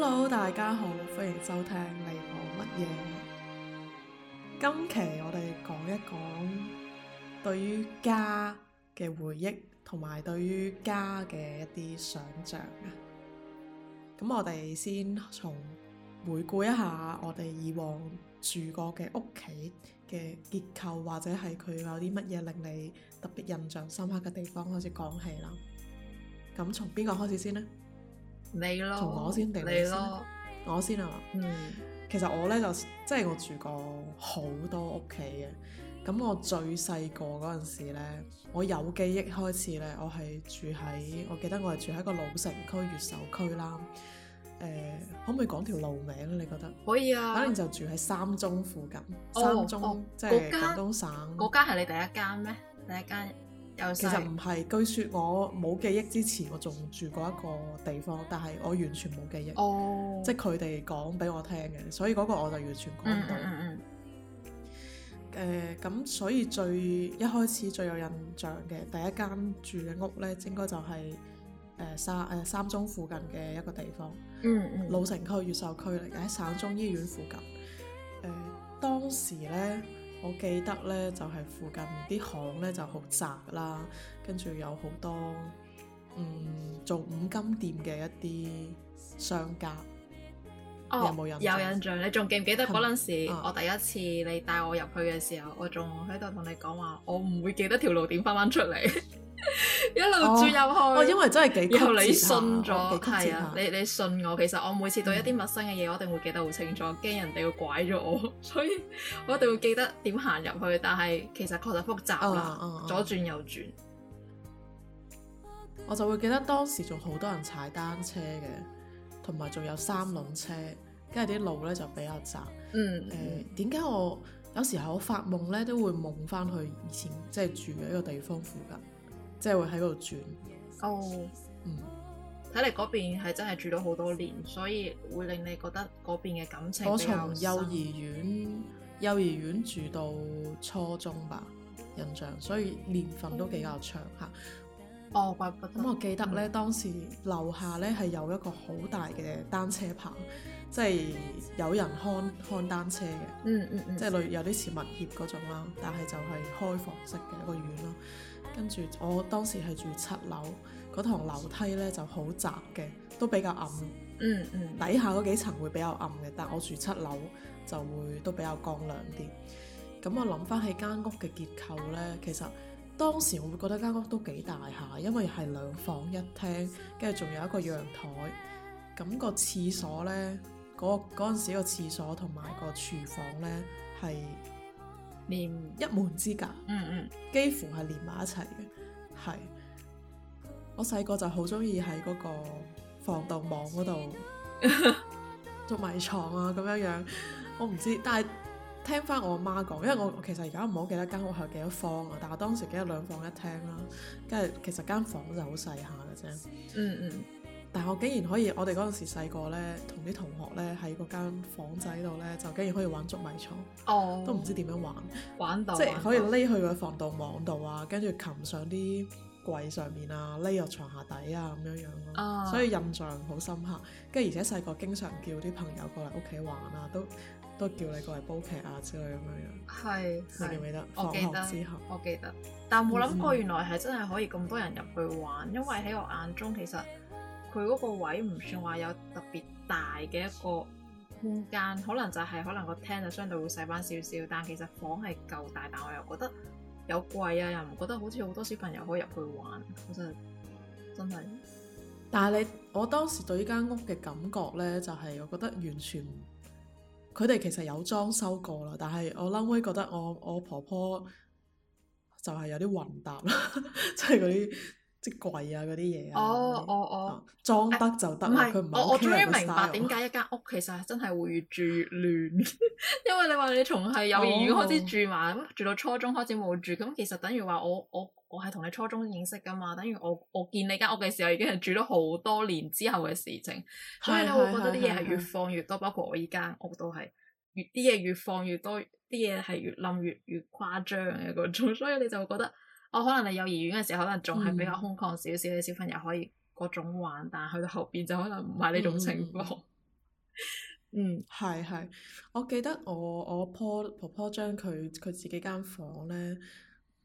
Hello，大家好，歡迎收聽《你講乜嘢》。今期我哋講一講對於家嘅回憶，同埋對於家嘅一啲想象啊。咁我哋先從回顧一下我哋以往住過嘅屋企嘅結構，或者係佢有啲乜嘢令你特別印象深刻嘅地方開始講起啦。咁從邊個開始先呢？你咯，同我先定先你咯，我先啊。嗯，其實我咧就即、是、係我住過好多屋企嘅。咁我最細個嗰陣時咧，我有記憶開始咧，我係住喺，我記得我係住喺一個老城區越秀區啦。誒、呃，可唔可以講條路名咧？你覺得可以啊。可能就住喺三中附近，哦、三中即係廣東省。嗰間係你第一間咩？第一間。其實唔係，據說我冇記憶之前，我仲住過一個地方，但係我完全冇記憶，oh. 即係佢哋講俾我聽嘅，所以嗰個我就完全講唔到。誒、mm，咁、hmm. 呃、所以最一開始最有印象嘅第一間住嘅屋呢，應該就係誒三誒三中附近嘅一個地方，mm hmm. 老城區越秀區嚟嘅，喺省中醫院附近。誒、呃，當時呢。我記得呢就係、是、附近啲巷呢就好窄啦，跟住有好多嗯做五金店嘅一啲商家。哦、有冇印象？有印象，你仲記唔記得嗰陣時我第一次你帶我入去嘅時候，啊、我仲喺度同你講話，我唔會記得條路點返返出嚟。 一路轉入去，哦，oh, oh, 因為真係幾曲折，你信咗，係、oh, oh, oh, oh. 啊，你你信我。其實我每次對一啲陌生嘅嘢，我一定會記得好清楚，驚、oh. 人哋會拐咗我，所以我一定會記得點行入去。但係其實確實複雜啦，oh, oh, oh. 左轉右轉，我就會記得當時仲好多人踩單車嘅，同埋仲有三輪車，跟住啲路咧就比較窄。嗯、mm，誒、hmm. 呃，點解我有時候我發夢咧都會夢翻去以前即係、就是、住嘅一個地方附近？即係會喺度轉哦，嗯，睇嚟嗰邊係真係住咗好多年，所以會令你覺得嗰邊嘅感情，我從幼兒園幼兒園住到初中吧，印象所以年份都比較長吓。嗯、哦，咁、嗯、我記得呢，嗯、當時樓下呢係有一個好大嘅單車棚，即、就、係、是、有人看看單車嘅、嗯，嗯嗯嗯，即係類有啲似物業嗰種啦，但係就係開放式嘅一個院咯。跟住，我當時係住七樓，嗰趟樓梯咧就好窄嘅，都比較暗。嗯嗯，底下嗰幾層會比較暗嘅，但我住七樓就會都比較光亮啲。咁我諗翻起間屋嘅結構咧，其實當時我會覺得間屋都幾大下，因為係兩房一廳，跟住仲有一個陽台。咁個廁所咧，嗰嗰陣時個廁所同埋個廚房咧係。連念一門之隔，嗯嗯，幾乎係連埋一齊嘅，係。我細個就好中意喺嗰個防盜網嗰度捉迷藏啊，咁樣樣。我唔知，但係聽翻我阿媽講，因為我其實而家唔好記得間屋係幾多房啊，但係當時記得兩房一廳啦，跟住其實間房就好細下嘅啫。嗯嗯。但係我竟然可以，我哋嗰陣時細個咧，同啲同學咧喺嗰間房仔度咧，就竟然可以玩捉迷藏，oh, 都唔知點樣玩，玩到即係到可以匿去個防盜網度啊，跟住擒上啲櫃上面啊，匿入床下底啊咁樣樣咯。Oh. 所以印象好深刻。跟住而且細個經常叫啲朋友過嚟屋企玩啊，都都叫你過嚟煲劇啊之類咁樣樣。係，你記唔記得放學之後我？我記得。但係冇諗過，原來係真係可以咁多人入去玩，因為喺我眼中其實。 佢嗰個位唔算話有特別大嘅一個空間，可能就係可能個廳就相對會細翻少少，但其實房係夠大，但我又覺得有貴啊，又唔覺得好似好多小朋友可以入去玩，我真係真係。但係你，我當時對呢間屋嘅感覺呢，就係、是、我覺得完全佢哋其實有裝修過啦，但係我嬲妹覺得我我婆婆就係有啲混搭啦，即係嗰啲。櫃啊啲嘢啊，哦哦哦，裝得就得。唔係，我我終於明白點解一間屋其實真係會越住越亂。 因為你話你從係幼兒園開始住埋，咁、oh. 住到初中開始冇住，咁其實等於話我我我係同你初中認識噶嘛？等於我我見你間屋嘅時候已經係住咗好多年之後嘅事情， 所以你會覺得啲嘢係越放越多， 包括我依間屋都係越啲嘢越放越多，啲嘢係越冧越越誇張嘅嗰種，所以你就覺得。我、哦、可能你幼兒園嘅時候可能仲係比較空曠少少，啲、嗯、小朋友可以各種玩，但去到後邊就可能唔係呢種情況。嗯，係係、嗯，我記得我我阿婆婆婆將佢佢自己間房咧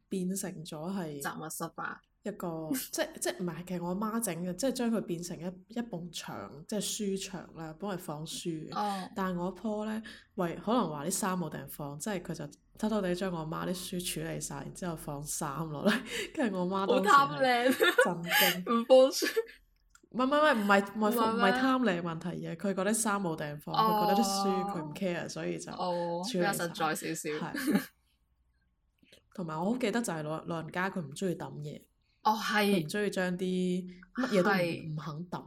變成咗係雜物室吧，一 個即即唔係，其實我阿媽整嘅，即係將佢變成一一埲牆，即係書牆啦，幫人放書。哦、嗯。但係我阿婆咧，喂可能話啲衫冇地方放，即係佢就。偷偷哋將我媽啲書處理晒，然之後放衫落嚟，跟住我媽都震驚，唔 放書。唔唔唔，唔係唔係貪靚問題嘅，佢覺得衫冇地方放，佢、oh. 覺得啲書佢唔 care，所以就處理得實在少少。同埋、oh. 哦、我好記得就係老老人家，佢唔中意抌嘢，佢唔中意將啲乜嘢都唔唔肯抌。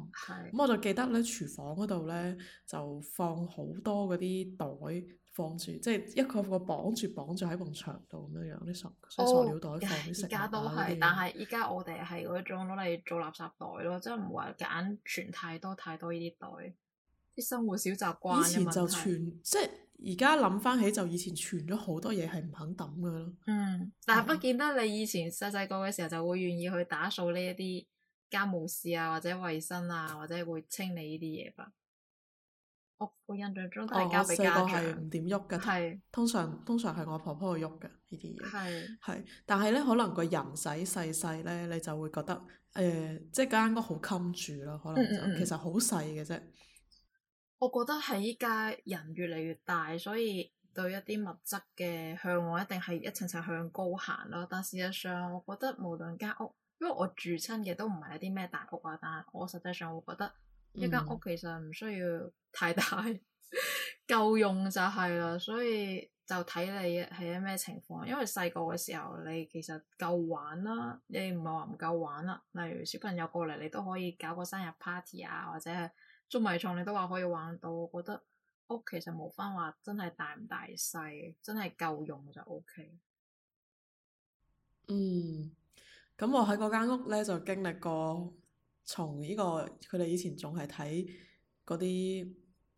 咁是我就記得咧，廚 房嗰度咧就放好多嗰啲袋。放住，即係一個個綁住綁住喺埲牆度咁樣樣，啲塑塑料袋放啲食物。而家都係，但係依家我哋係嗰種攞嚟做垃圾袋咯，嗯、袋即係唔話揀存太多太多呢啲袋。啲生活小習慣嘅問題。以前就存，即係而家諗翻起就以前存咗好多嘢係唔肯抌噶咯。嗯，但係不見得你以前細細個嘅時候就會願意去打掃呢一啲家務事啊，或者衞生啊，或者會清理呢啲嘢吧。我我印象中都係交俾家長哦，我細個係唔點喐噶，通常通常係我婆婆去喐噶呢啲嘢。係。係是，但係咧，可能個人仔細細咧，你就會覺得，誒、呃，即係間屋好襟住咯，可能就其實好細嘅啫。嗯嗯我覺得係依家人越嚟越大，所以對一啲物質嘅向往一定係一層層向高行咯。但事實上，我覺得無論間屋，因為我住親嘅都唔係一啲咩大屋啊，但係我實際上會覺得。一間屋其實唔需要太大， 夠用就係啦，所以就睇你係咩情況。因為細個嘅時候，你其實夠玩啦，你唔係話唔夠玩啦。例如小朋友過嚟，你都可以搞個生日 party 啊，或者係捉迷藏，你都話可以玩到。我覺得屋其實冇分話真係大唔大細，真係夠用就 OK。嗯，咁我喺嗰間屋咧就經歷過。從呢個佢哋以前仲係睇嗰啲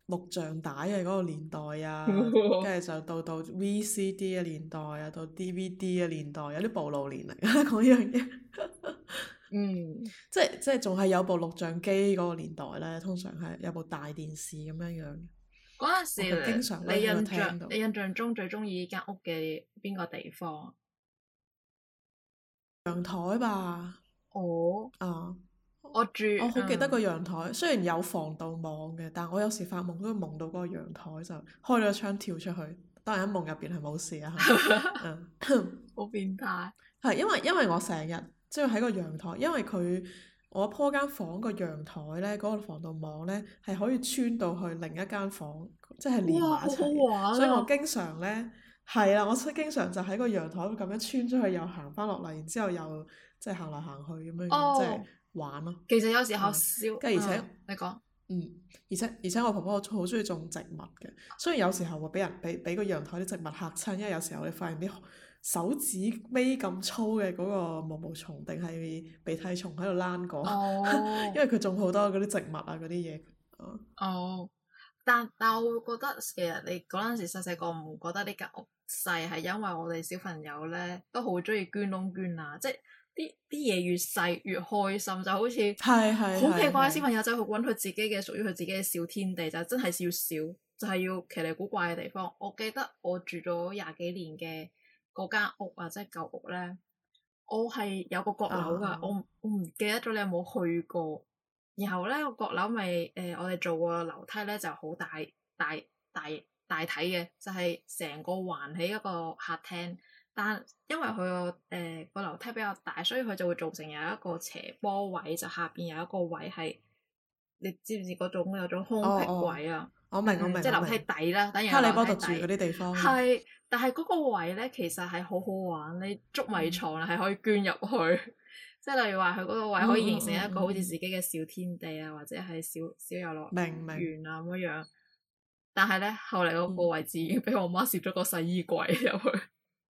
錄像帶嘅嗰個年代啊，跟住就到到 VCD 嘅年代啊，到 DVD 嘅年代，有啲暴露年齡講呢樣嘢。 嗯，即係即係仲係有部錄像機嗰個年代咧，通常係有部大電視咁樣樣。嗰陣時，經常你印象你印象中最中意呢間屋嘅邊個地方？陽台吧。哦我。啊。我住，我好記得個陽台，雖然有防盜網嘅，但我有時發夢都會夢到嗰個陽台就開咗窗跳出去，當然夢入邊係冇事啊，好變態。係因為因為我成日即係喺個陽台，因為佢我嗰間房個陽台咧嗰個防盜網咧係可以穿到去另一間房，即係連埋一齊，所以我經常咧係啦，我經常就喺個陽台咁樣穿出去又行翻落嚟，然之後又即係行嚟行去咁樣，即係。玩咯、啊，其實有時候笑。跟、嗯、而且、啊、你講說，嗯，而且而且我婆婆好中意種植物嘅，雖然有時候會俾人俾俾個陽台啲植物嚇親，因為有時候你發現啲手指尾咁粗嘅嗰個毛毛蟲定係鼻涕蟲喺度躝過，哦、因為佢種好多嗰啲植物啊嗰啲嘢。嗯、哦，但但我會覺得其實你嗰陣時細細個唔會覺得呢間屋細，係因為我哋小朋友咧都好中意捐窿捐啊，即係。啲啲嘢越細越開心，就好似好奇怪。小朋友就去揾佢自己嘅屬於佢自己嘅小天地，就係、真係少少，就係、是、要奇離古怪嘅地方。我記得我住咗廿幾年嘅嗰間屋啊，即係舊屋咧，我係有個閣樓噶，我唔記得咗你有冇去過。然後咧，個閣樓咪誒，我哋做個樓梯咧就好大，大大大體嘅，就係、是、成個環起一個客廳。但因為佢個誒個樓梯比較大，所以佢就會造成有一個斜坡位，就下邊有一個位係，你知唔知嗰種有種空隙位啊？哦哦，我明、嗯、我明即係樓梯底啦，等於喺你嗰度住嗰啲地方。係，但係嗰個位咧其實係好好玩，你捉迷藏啊係可以捐入去，即係、嗯、 例如話佢嗰個位可以形成一個好似自己嘅小天地啊，嗯嗯、或者係小小遊樂園啊咁樣。白但係咧，後嚟嗰個位置俾我媽攝咗個洗衣櫃入去。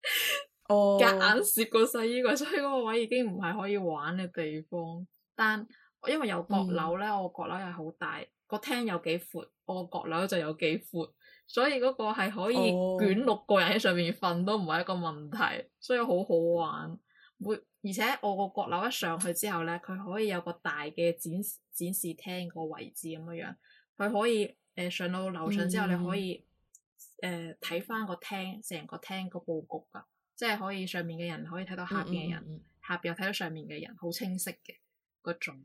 夾、oh. 硬攝個細衣櫃，所以嗰個位已經唔係可以玩嘅地方。但因為有閣樓咧，我閣樓又係好大，個廳有幾闊，我個閣樓就有幾闊，所以嗰個係可以捲六個人喺上面瞓都唔係一個問題，所以好好玩。每而且我個閣樓一上去之後咧，佢可以有個大嘅展展示廳個位置咁樣樣，佢可以誒、呃、上到樓上之後、嗯、你可以誒睇翻個廳成個廳個佈局噶。即係可以上面嘅人可以睇到下邊嘅人，嗯嗯，下邊又睇到上面嘅人，好清晰嘅嗰種。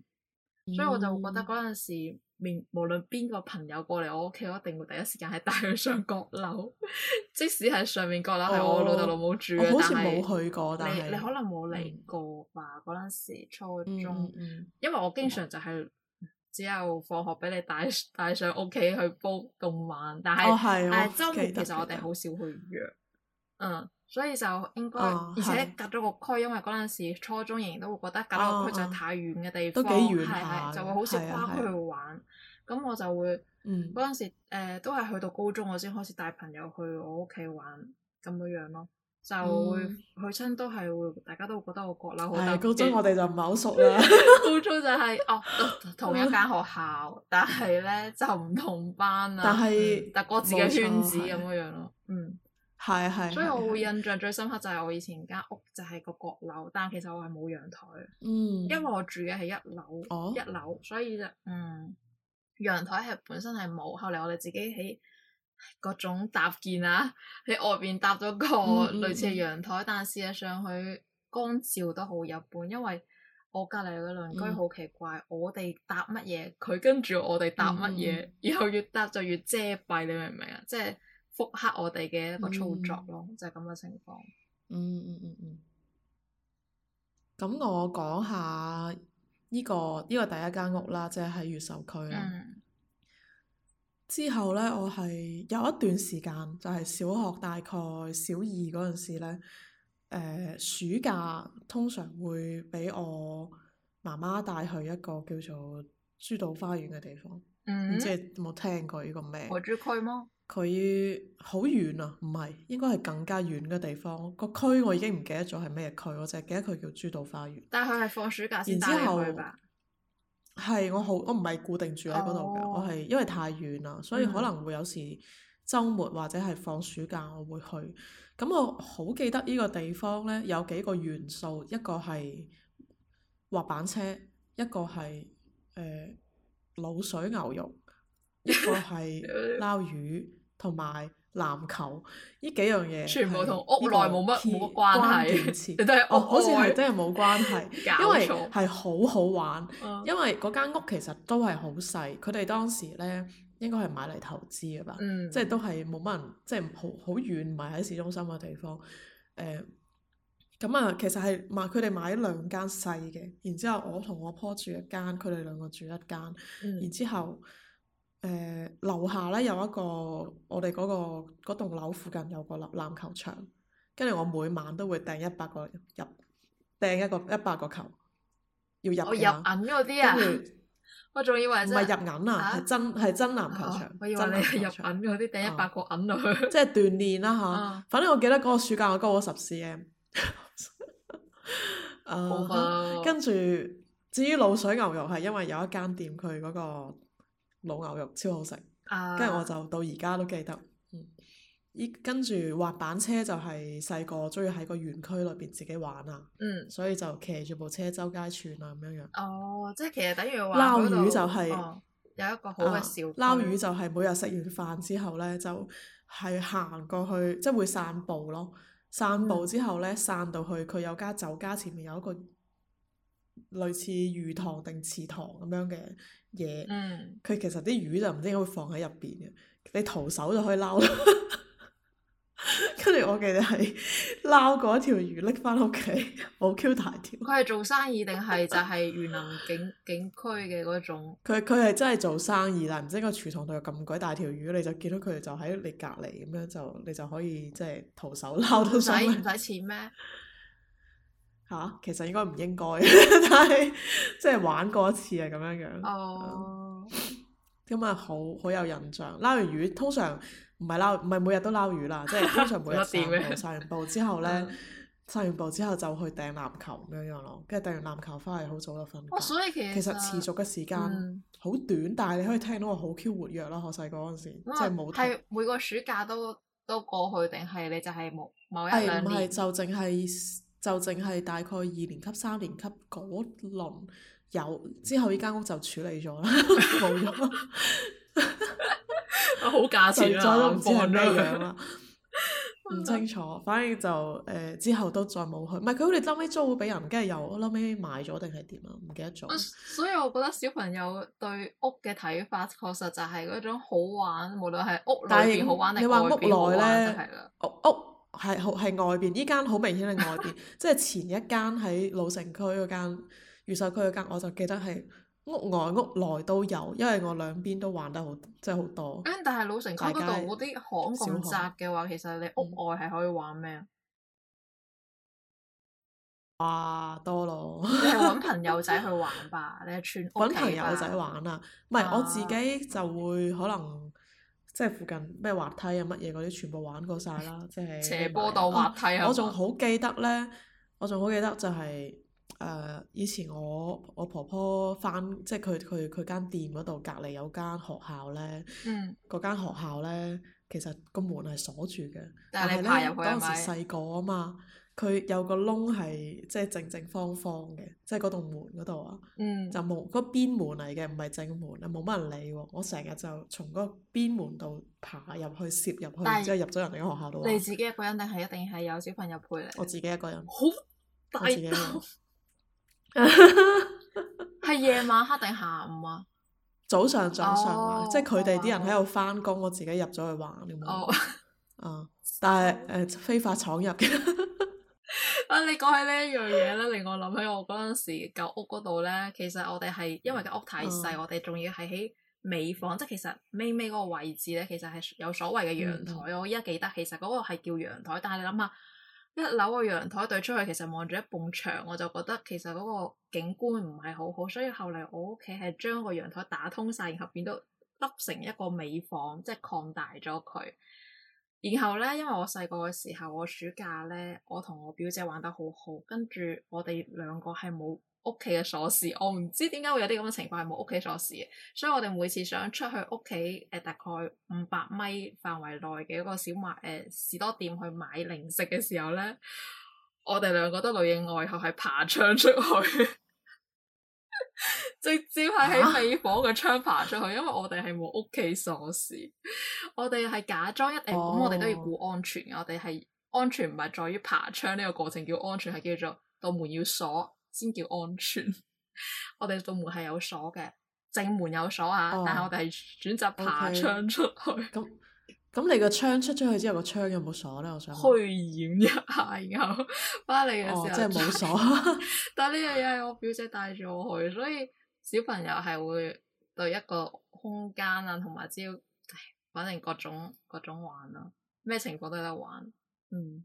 嗯、所以我就覺得嗰陣時，面無論邊個朋友過嚟我屋企，我一定會第一時間係帶佢上閣樓。 即使喺上面閣樓係我老豆老母住嘅，oh, 但係是冇去過。但你你，你可能冇嚟過吧？嗰陣、嗯、時初中、嗯嗯，因為我經常就係只有放學俾你帶帶上屋企去煲咁晚，但係、oh, yes, 但係週末 I remember. 其實我哋好少去約。嗯。所以就應該，而且隔咗個區，因為嗰陣時初中仍然都會覺得隔咗個區就係太遠嘅地方，幾遠，係係就會好少翻去玩。咁我就會，嗰陣時誒都係去到高中我先開始帶朋友去我屋企玩咁樣樣咯，就會去親都係會大家都會覺得我國樓好特別。高中我哋就唔係好熟啦。高中就係哦同一間學校，但係咧就唔同班啦。但係，但係自己圈子咁樣樣咯，嗯。係係，所以我會印象最深刻就係我以前間屋就係個閣樓，但其實我係冇陽台，嗯、因為我住嘅係一樓、哦、一樓，所以就嗯陽台係本身係冇，後嚟我哋自己喺各種搭建啊，喺外邊搭咗個類似係陽台，嗯嗯、但事實上佢光照都好一般，因為我隔籬嘅鄰居好奇怪，嗯、我哋搭乜嘢佢跟住我哋搭乜嘢，嗯、然後越搭就越遮蔽，你明唔明啊？即係。複刻我哋嘅一個操作咯，嗯、就係咁嘅情況、嗯。嗯嗯嗯嗯。咁、嗯嗯、我講下呢、這個呢、這個第一間屋啦，即係喺越秀區啦。嗯、之後咧，我係有一段時間就係、是、小學，大概小二嗰陣時咧，誒、呃、暑假通常會俾我媽媽帶去一個叫做珠島花園嘅地方。嗯。即係冇聽過呢個咩？海珠區？佢好遠啊，唔係，應該係更加遠嘅地方。個區我已經唔記得咗係咩區，嗯、我淨係記得佢叫珠島花園。但係佢係放暑假。然之後係我好，我唔係固定住喺嗰度嘅，哦、我係因為太遠啦，所以可能會有時週末或者係放暑假我會去。咁、嗯、我好記得呢個地方呢，有幾個元素，一個係滑板車，一個係誒、呃、滷水牛肉，一個係撈魚。 同埋籃球呢幾樣嘢，全部同屋內冇乜冇乜關係，關 哦，好似係真係冇關係， 錯因為係好好玩，啊、因為嗰間屋其實都係好細。佢哋當時咧應該係買嚟投資嘅吧，嗯、即係都係冇乜人，即係好好遠，唔係喺市中心嘅地方。誒、呃，咁啊，其實係買佢哋買兩間細嘅，然之後我同我婆，婆住一間，佢哋兩個住一間，然之後。嗯誒、呃、樓下咧有一個，我哋嗰、嗰個嗰棟樓附近有個籃籃球場，跟住我每晚都會掟一百個入，掟一個一百個球，要入我入銀嗰啲啊！著我仲以為唔係入銀啊，係、啊、真係真籃球場、啊。我以為你係入銀嗰啲，掟一百個銀落去。即係、啊、 鍛鍊啦、啊、嚇！啊、反正我記得嗰個暑假我高咗十 CM。跟 住吧、啊、至於滷水牛肉係因為有一間店佢嗰、嗰個。老牛肉超好食，跟住、啊、我就到而家都記得。跟、嗯、住滑板車就係細個中意喺個園區裏邊自己玩啊，嗯、所以就騎住部車周街串啊咁樣樣。哦，即係其實等於話。撈魚就係、是就是哦、有一個好嘅笑。撈、啊、魚就係每日食完飯之後呢，就係、是、行過去，即係會散步咯。散步之後呢，散到去佢、嗯、有間酒家前面有一個類似魚塘定池塘咁樣嘅。嘢，佢 Yeah.、嗯、其實啲魚就唔知點解會放喺入邊嘅，你徒手就可以撈啦。跟 住我記得係撈過一條魚拎翻屋企，好 Q 大條。佢係做生意定係就係園林景 景區嘅嗰種？佢佢係真係做生意，但唔知個廚房度有咁鬼大條魚，你就見到佢哋就喺你隔離咁樣就，你就可以即係、就是、徒手撈到。得。唔使唔使錢咩？嚇、啊，其實應該唔應該，但係即係玩過一次啊咁樣、oh. 嗯、樣。哦。咁啊，好好有印象。撈完魚，通常唔係撈，唔係每日都撈魚啦，即、就、係、是、通常每日散完， 完步之後咧，散完步之後就去掟籃球咁樣樣咯。跟住掟完籃球翻嚟，好早就瞓。Oh, 所以其實，其實持續嘅時間好短，嗯、但係你可以聽到我好 Q 活躍啦。學細個嗰陣時，oh, 即係冇。係每個暑假都都過去，定係你就係冇某一兩年？唔係就淨係。就淨係大概二年級、三年級嗰輪有，之後呢間屋就處理咗啦，冇 咗了。我好假設啊，再都唔知係咩樣啦，唔清楚。反正就誒、呃、之後都再冇去，唔係佢好似收尾租俾人，跟住又收尾賣咗定係點啊？唔記得咗。所以我覺得小朋友對屋嘅睇法確實就係嗰種好玩，無論係屋內邊好玩定係是外邊好玩啦。屋屋。係好係外邊，呢間好明顯係外邊， 即係前一間喺老城區嗰間越秀區嗰間，我就記得係屋外屋內都有，因為我兩邊都玩得好，即係好多。但係老城區嗰度啲巷咁窄嘅話，其實你屋外係可以玩咩啊？哇，多咯！你係揾朋友仔去玩吧，你係串揾朋友仔玩啊？唔係我自己就會可能。即係附近咩滑梯啊乜嘢嗰啲全部玩過晒啦！即係 斜坡到滑梯係、啊、我仲好記得咧，我仲好記得就係、是、誒、呃、以前我我婆婆返即係佢佢佢間店嗰度隔籬有間學校咧，嗰間、嗯、學校咧其實個門係鎖住嘅，但係咧嗰陣時細個啊嘛。佢有個窿係即係正正方方嘅，即係嗰道門嗰度啊，就冇嗰邊門嚟嘅，唔係正門啊，冇乜人理喎。我成日就從嗰邊門度爬入去攝入去，之後入咗人哋學校度。你自己一個人定係一定係有小朋友陪你？我自己一個人。好，我自己一個人。係夜晚黑定下午啊？早上，早上啊，即係佢哋啲人喺度翻工，我自己入咗去玩。哦。啊，但係誒非法闖入嘅。啊！你講起呢一樣嘢咧，令我諗起我嗰陣時舊屋嗰度咧，其實我哋係因為個屋太細，嗯、我哋仲要係喺尾房，嗯、即係其實尾尾嗰個位置咧，其實係有所謂嘅陽台。嗯、我依家記得，其實嗰個係叫陽台，但係你諗下，一樓個陽台對出去，其實望住一埲牆，我就覺得其實嗰個景觀唔係好好。所以後嚟我屋企係將個陽台打通晒，然後變到凹成一個尾房，即係擴大咗佢。然後咧，因為我細個嘅時候，我暑假咧，我同我表姐玩得好好，跟住我哋兩個係冇屋企嘅鎖匙，我唔知點解會有啲咁嘅情況係冇屋企鎖匙，所以我哋每次想出去屋企誒大概五百米範圍內嘅一個小賣誒、呃、士多店去買零食嘅時候咧，我哋兩個都裏應外合係爬窗出去。 直接係喺尾房嘅窗爬出去，啊、因為我哋係冇屋企鎖匙， 我哋係假裝、哦、一定，咁我哋都要顧安全。我哋係安全唔係在於爬窗呢、這個過程叫安全，係叫做個門要鎖先叫安全。 我哋個門係有鎖嘅，正門有鎖啊，哦、但係我哋係選擇爬窗出去。哦 okay. 咁你個窗出咗去之後個窗有冇鎖咧？我想虛掩一下，然後翻嚟嘅時候哦，即係冇鎖。 但呢樣嘢係我表姐帶住我去，所以小朋友係會對一個空間啊，同埋只要，反正各種各種玩咯，咩情況都得玩。嗯，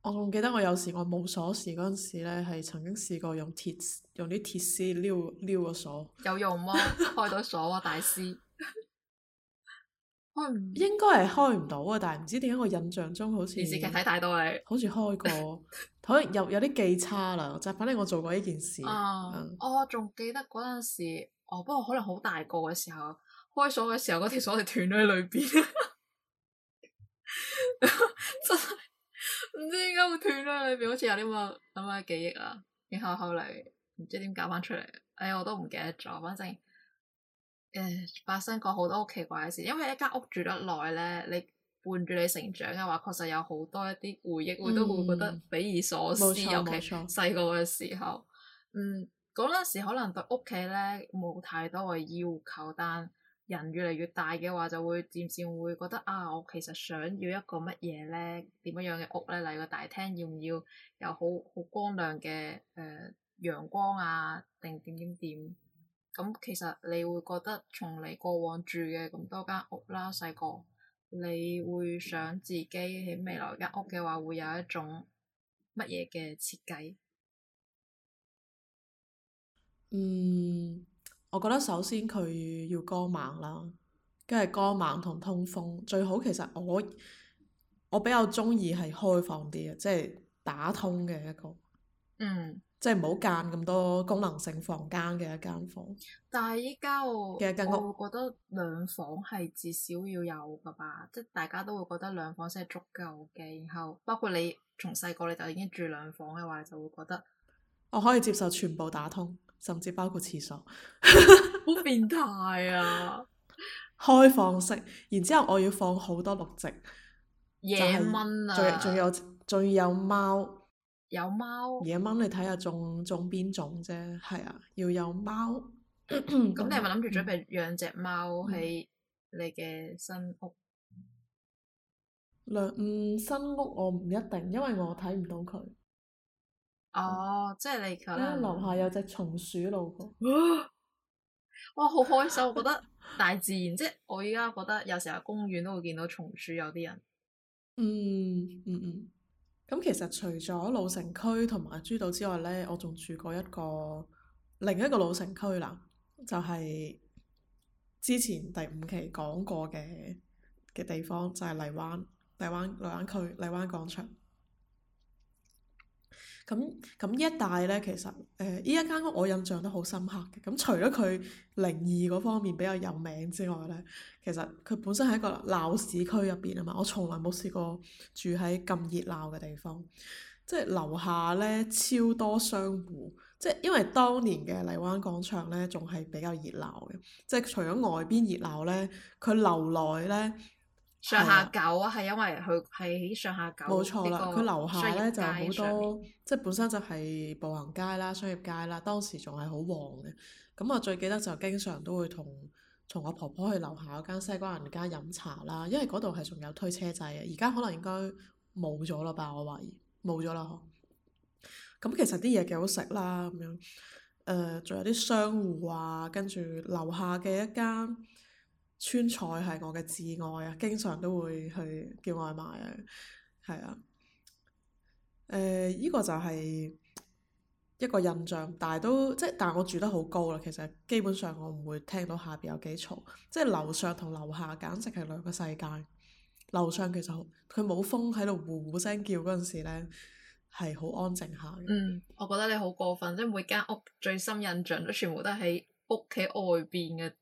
我仲記得我有時我冇鎖匙嗰陣時咧，係、嗯、曾經試過用鐵用啲鐵絲撩撩個鎖， 有用嗎？開到鎖啊，大師！應該係開唔到啊，但係唔知點解我印象中好似電視劇睇太多啦，你好似開過，可能又有啲記差啦，就是，反正我做過呢件事。我仲、啊樣哦，記得嗰陣時，哦，不過可能好大個嘅時候，開鎖嘅時候鎖，嗰條鎖就斷咗喺裏邊，真係唔知點解會斷咗喺裏邊，好似有啲咁咁嘅記憶啊。然後後嚟唔知點搞翻出嚟，哎我都唔記得咗，反正。誒，發生過好多好奇怪嘅事，因為一間屋住得耐咧，你伴住你成長嘅話，確實有好多一啲回憶，我、嗯、都會覺得匪夷所思。冇錯冇錯，尤其細個嘅時候，嗯，嗰陣時可能對屋企咧冇太多嘅要求，但人越嚟越大嘅話，就會漸漸會覺得啊，我其實想要一個乜嘢咧？點樣樣嘅屋咧？例如個大廳要唔要有好好光亮嘅誒陽光啊？定點點點？咁其實你會覺得從你過往住嘅咁多間屋啦，細個你會想自己喺未來間屋嘅話，會有一種乜嘢嘅設計？嗯，我覺得首先佢要光猛啦，跟住光猛同通風最好。其實我我比較中意係開放啲嘅，即係打通嘅一個。嗯。即係唔好間咁多功能性房間嘅一間房間。但係依家我，其實間屋，我會覺得兩房係至少要有噶吧，即係大家都會覺得兩房先係足夠嘅。然後包括你從細個你就已經住兩房嘅話，就會覺得我可以接受全部打通，甚至包括廁所。 好變態啊！ 開放式，然之後我要放好多綠植、夜蚊啊，仲有仲有貓。有貓，野貓你睇下種種邊種啫，係啊，要有貓。咁 你係咪諗住準備養隻貓喺你嘅新屋？嗯，新屋我唔一定，因為我睇唔到佢。哦，即係你。樓、嗯、下有隻松鼠路過。 哇，好開心！ 我覺得大自然，即係 我依家覺得，有時候，喺公園都會見到松鼠有啲人。嗯嗯嗯。嗯嗯嗯咁其實除咗老城區同埋珠島之外咧，我仲住過一個另一個老城區啦，就係之前第五期講過嘅嘅地方，就係荔灣、荔灣、荔灣區、荔灣廣場。咁咁呢一帶咧，其實誒呢、呃、一間屋我印象都好深刻嘅。咁除咗佢靈異嗰方面比較有名之外咧，其實佢本身喺一個鬧市區入邊啊嘛。我從來冇試過住喺咁熱鬧嘅地方，即係樓下咧超多商戶，即係因為當年嘅荔灣廣場咧仲係比較熱鬧嘅，即係除咗外邊熱鬧咧，佢樓內咧。上下九啊、嗯，係因為佢係喺上下九冇錯啦，佢樓下呢就好多，即係本身就係步行街啦、商業街啦。當時仲係好旺嘅。咁我最記得就經常都會同同我婆婆去樓下嗰間西關人家飲茶啦，因為嗰度係仲有推車仔嘅。而家可能應該冇咗啦吧，我懷疑冇咗啦。咁其實啲嘢幾好食啦，咁樣誒，仲、呃、有啲商戶啊，跟住樓下嘅一間。川菜係我嘅至愛啊，經常都會去叫外賣啊，係啊，誒、呃、依、呢個就係一個印象，但係都即係但係我住得好高啦，其實基本上我唔會聽到下邊有幾嘈，即係樓上同樓下簡直係兩個世界。樓上其實佢冇風喺度呼呼聲叫嗰陣時咧，係好安靜下嘅。嗯，我覺得你好過分，即係每間屋最深印象都全部都喺屋企外邊嘅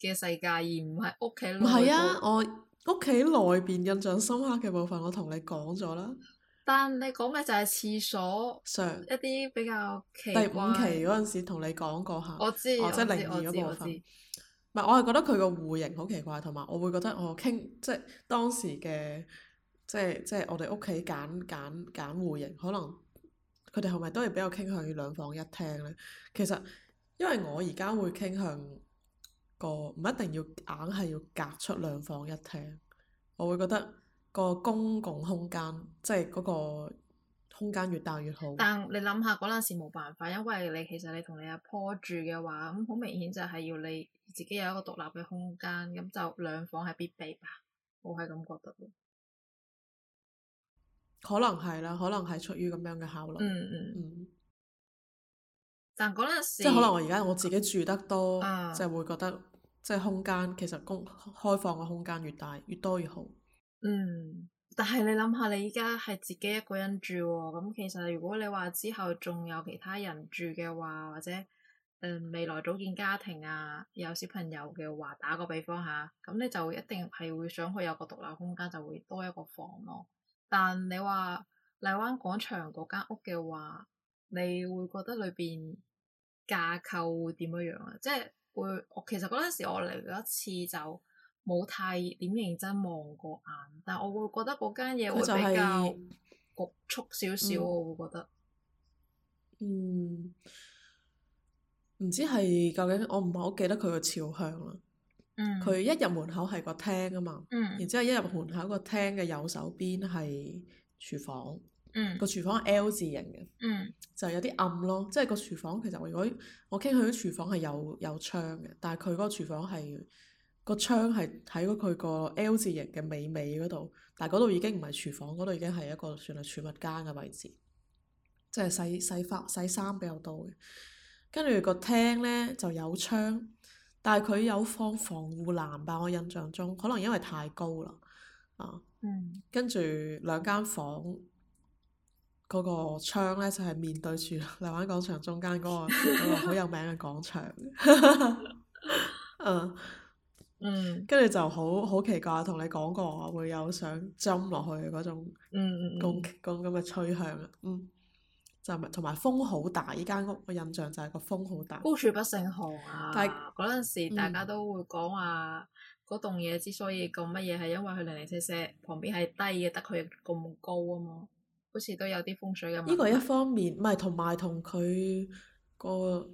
嘅世界，而唔係屋企。唔係啊！我屋企內邊印象深刻嘅部分，我同你講咗啦。但你講嘅就係廁所上 Sir, 一啲比較奇怪。第五期嗰陣時同你講過下。我知，即係靈異嗰部分。唔係，我係覺得佢個戶型好奇怪，同埋我會覺得我傾即係當時嘅，即係即係我哋屋企揀揀揀戶型，可能佢哋係咪都係比較傾向於兩房一廳咧？其實因為我而家會傾向。個唔一定要硬係要隔出兩房一廳，我會覺得個公共空間即係嗰個空間越大越好。但你諗下，嗰陣時冇辦法，因為你其實你同你阿婆住嘅話，咁好明顯就係要你自己有一個獨立嘅空間，咁就兩房係必備吧。我係咁覺得。可能係啦，可能係出於咁樣嘅考慮。嗯嗯嗯。嗯，但嗰陣時。即係可能我而家我自己住得多，就、嗯、會覺得。即係空間，其實公開放嘅空間越大，越多越好。嗯，但係你諗下，你依家係自己一個人住喎。哦，咁其實如果你話之後仲有其他人住嘅話，或者誒、呃、未來組建家庭啊，有小朋友嘅話，打個比方嚇，啊，咁你就一定係會想去有個獨立空間，就會多一個房咯。但你話荔灣廣場嗰間屋嘅話，你會覺得裏邊架構會點樣樣啊？即係。會，我其實嗰陣時我嚟嗰一次就冇太點認真望過眼，但我會覺得嗰間嘢會比較局促少少，嗯、我會覺得嗯唔知係究竟我唔係好記得佢個朝向啦。佢、嗯、一入門口係個廳啊嘛，嗯、然之後一入門口個廳嘅右手邊係廚房。嗯、個廚房 L 字型嘅，嗯、就有啲暗咯，即係個廚房其實我如果我傾佢啲廚房係有有窗嘅，但係佢嗰個廚房係個窗係喺佢個 L 字型嘅尾尾嗰度，但係嗰度已經唔係廚房，嗰度已經係一個算係儲物間嘅位置，即係洗洗發洗衫比較多嘅。跟住個廳呢就有窗，但係佢有放防護欄吧？我印象中可能因為太高啦，啊，嗯、跟住兩間房。嗰個窗咧就係、是、面對住荔灣廣場中間嗰、那個好 有名嘅廣場。嗯、 uh, 嗯，跟住就好好奇怪，同你講過會有想 jump 落去嗰種嗯，嗯，咁咁咁嘅趨向啊。嗯，就係同埋風好大，依間屋個印象就係個風好大。高處不勝寒啊！但係嗰陣時大家都會講話、啊，嗰棟嘢之所以咁乜嘢，係因為佢零零舍舍，旁邊係低嘅，得佢咁高啊嘛。好似都有啲風水嘅，呢個一方面，唔係，同埋同佢個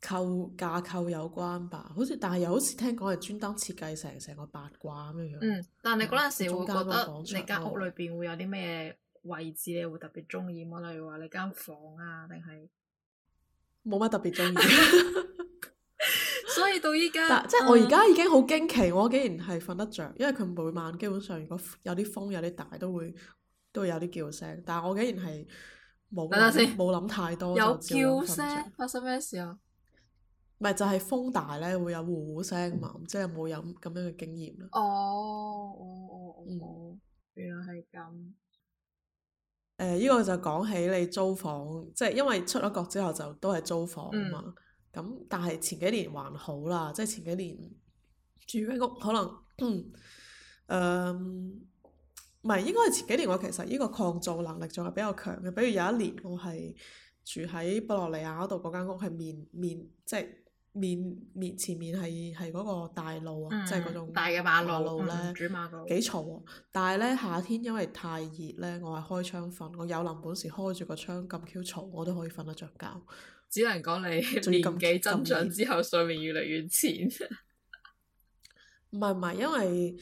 構架構有關吧？好似但係又好似聽講係專登設計成成個八卦咁嘅樣。嗯，但係你嗰陣時會覺得你間屋裏邊會有啲咩位置你會特別中意我？例如話你間房啊，定係冇乜特別中意。所以到依家，但嗯、即係我而家已經好驚奇，我竟然係瞓得着，因為佢每晚基本上如果有啲風有啲大都會。都有啲叫聲，但係我竟然係冇，冇諗等太多。有叫聲，發生咩事啊？唔係就係、是、風大咧，會有呼呼聲嘛，即係冇有咁樣嘅經驗啦、哦。哦，我我我冇，哦嗯、原來係咁。誒、呃，呢、呢個就講起你租房，即係因為出咗國之後就都係租房啊嘛。咁、嗯、但係前幾年還好啦，即係前幾年住喺屋可能誒。嗯呃唔係，應該係前幾年我其實呢個抗噪能力仲係比較強嘅。比如有一年我係住喺布羅利亞嗰度嗰間屋，係面面即係、就是、面面前面係係嗰個大路啊，即係嗰種大嘅馬路咧，幾嘈、嗯。但係咧夏天因為太熱咧，我係開窗瞓。我有臨本時開住個窗咁 Q 嘈，我都可以瞓得着覺。只能講你年紀增長之後，睡眠越嚟越淺。唔係唔係，因為誒、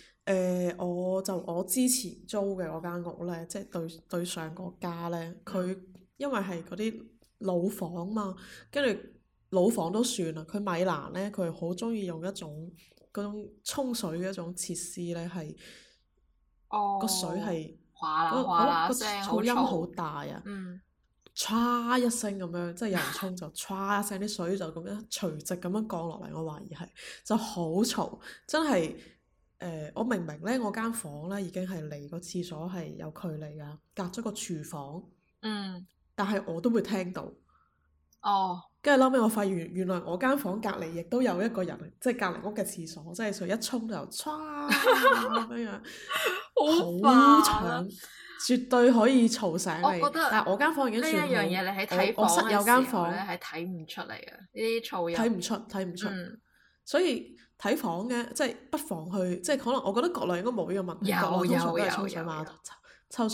呃、我就我之前租嘅嗰間屋呢，即係對對上嗰家呢，佢因為係嗰啲老房嘛，跟住老房都算啦。佢米蘭呢，佢好鍾意用一種嗰種沖水嘅一種設施呢，係個、哦、水係嗰個噪音好大啊！嗯唰一聲咁樣，即係有人沖就唰一聲啲水就咁樣垂直咁樣降落嚟，我懷疑係就好嘈，真係誒、呃、我明明咧我間房咧已經係離個廁所係有距離㗎，隔咗個廚房，嗯，但係我都會聽到，哦，跟住後尾我發現原來我間房隔離亦都有一個人，即係隔離屋嘅廁所，即係佢一沖就唰咁樣， 麼 好長了。好絕對可以嘈醒你，但係我間房已經全一樣嘢，你喺睇房嘅時候，咧係睇唔出嚟嘅，呢啲嘈嘢，睇唔出，睇唔出。所以睇房嘅，即係不妨去，即係可能我覺得國內應該冇呢個問題。國內有？通常都係沖水馬抽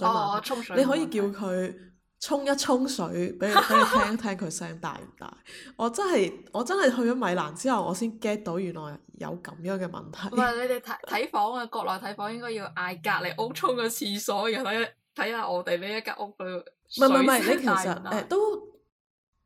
水馬。哦，你可以叫佢沖一沖水俾你聽一聽佢聲大唔大？我真係我真係去咗米蘭之後，我先 get 到原來有咁樣嘅問題。唔係你哋睇睇房啊？國內睇房應該要嗌隔離屋沖個廁所嘅。睇下我哋呢一間屋，佢唔係唔係，你其實誒、呃、都，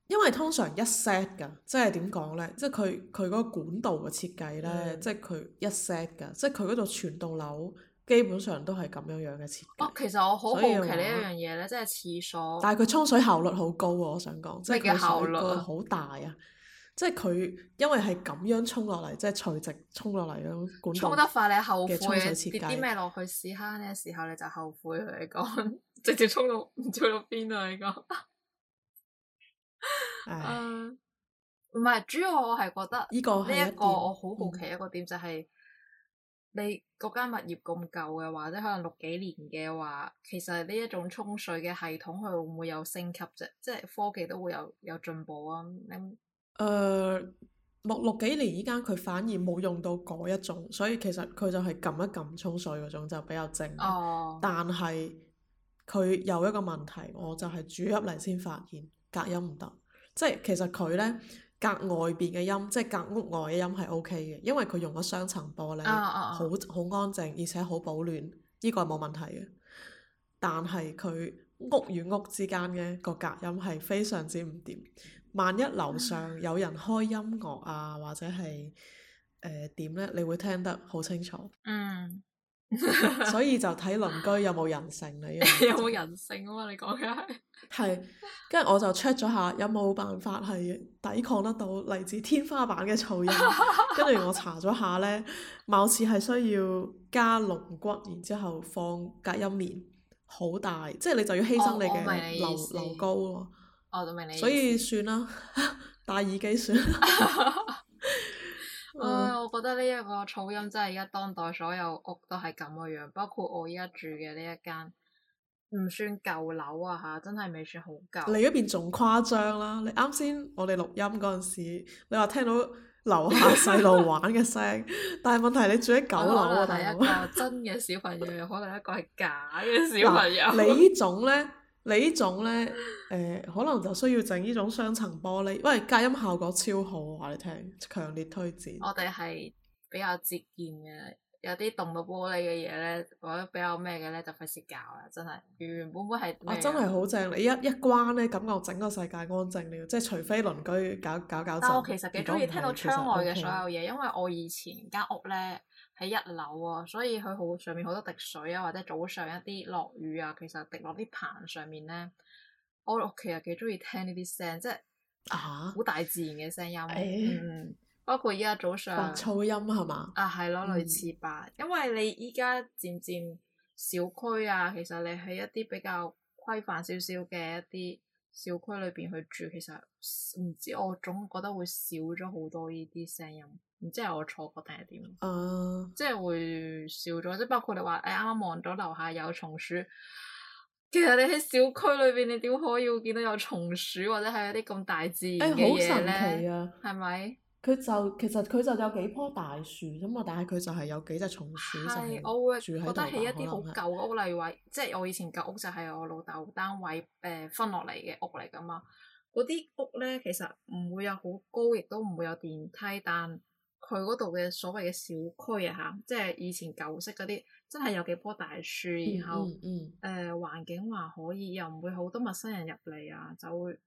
因為通常一 set 㗎，即係點講咧？即係佢佢嗰個管道嘅設計咧、嗯，即係佢一 set 㗎，即係佢嗰度全棟樓基本上都係咁樣樣嘅設計。哦，其實我好好奇呢一樣嘢咧，即係廁所。但係佢沖水效率好高喎，我想講，即係佢效率好大啊。即係佢，因為係咁樣沖落嚟，即係垂直沖落嚟嗰種管道嘅沖水設計。沖得快你後悔嘅，跌啲咩落去屎坑嘅時候你就後悔佢嚟講，直接沖到唔知去邊啊！依個，誒唉，唔係、uh,，主要我係覺得呢一個我好好奇一個點就係、是，嗯、你嗰間物業咁舊嘅，或即可能六幾年嘅話，其實呢一種沖水嘅系統佢會唔會有升級啫？即係科技都會有有進步啊！誒，uh, 六六幾年依家佢反而冇用到嗰一種，所以其實佢就係撳一撳沖水嗰種就比較靜。Oh. 但係佢有一個問題，我就係煮入嚟先發現隔音唔得。即係其實佢呢，隔外邊嘅音，即係隔屋外嘅音係 OK 嘅，因為佢用咗雙層玻璃，好好安靜而且好保暖，呢、這個係冇問題嘅。但係佢屋與屋之間嘅個隔音係非常之唔掂。萬一樓上有人開音樂啊，或者係誒點咧，你會聽得好清楚。嗯， 所以就睇鄰居有冇人性 你有冇人性啊嘛？你講嘅係，跟住我就 check 咗下有冇辦法係抵抗得到嚟自天花板嘅噪音。跟住 我查咗下咧，貌似係需要加龍骨，然之後放隔音棉，好大，即係你就要犧牲你嘅樓樓高咯。所以算啦，戴耳機算啦。 哎，我覺得呢一個噪音真係而家當代所有屋都係咁嘅樣，包括我而家住嘅呢一間，唔算舊樓啊吓、啊，真係未算好舊。你嗰邊仲誇張啦！你啱先我哋錄音嗰陣時，你話聽到樓下細路玩嘅聲， 但係問題你住喺九樓啊大佬。我真嘅小朋友， 可能一個係假嘅小朋友、呃。你種呢種咧？ 你呢種咧，誒、呃、可能就需要整呢種雙層玻璃，喂，隔音效果超好，我話你聽，強烈推薦。我哋係比較節儉嘅，有啲動到玻璃嘅嘢咧，或者比較咩嘅咧，就費事搞啦，真係原原本本係。我、啊、真係好正，你一一關咧，感覺整個世界安靜了，即係除非鄰居搞搞搞，但我其實幾中意聽到窗外嘅所有嘢，okay. 因為我以前間屋咧。喺一樓喎、哦，所以佢好上面好多滴水啊，或者早上一啲落雨啊，其實滴落啲棚上面咧，我其實幾中意聽呢啲聲，即係好大自然嘅聲音。啊、嗯，包括依家早上。噪音係嘛？啊，係咯，類似吧。嗯、因為你依家漸漸小區啊，其實你喺一啲比較規範少少嘅一啲小區裏邊去住，其實唔知我總覺得會少咗好多呢啲聲音。即係我錯覺定係點？Uh, 即係會少咗，即係包括你話誒啱啱望到樓下有松鼠，其實你喺小區裏邊，你點可以見到有松鼠或者係一啲咁大自然好、欸、神奇咧、啊？係咪？佢就其實佢就有幾棵大樹咁嘛，但係佢就係有幾隻松鼠是就松鼠是住喺我覺得起一啲好舊嘅屋，例如話，即係我以前舊屋就係我老豆單位誒分落嚟嘅屋嚟㗎嘛。嗰啲 屋咧其實唔會有好高，亦都唔會有電梯，但佢嗰度嘅所謂嘅小區啊，嚇，即係以前舊式嗰啲，真係有幾棵大樹，嗯嗯、然後誒呃、環境還可以，又唔會好多陌生人入嚟啊，就會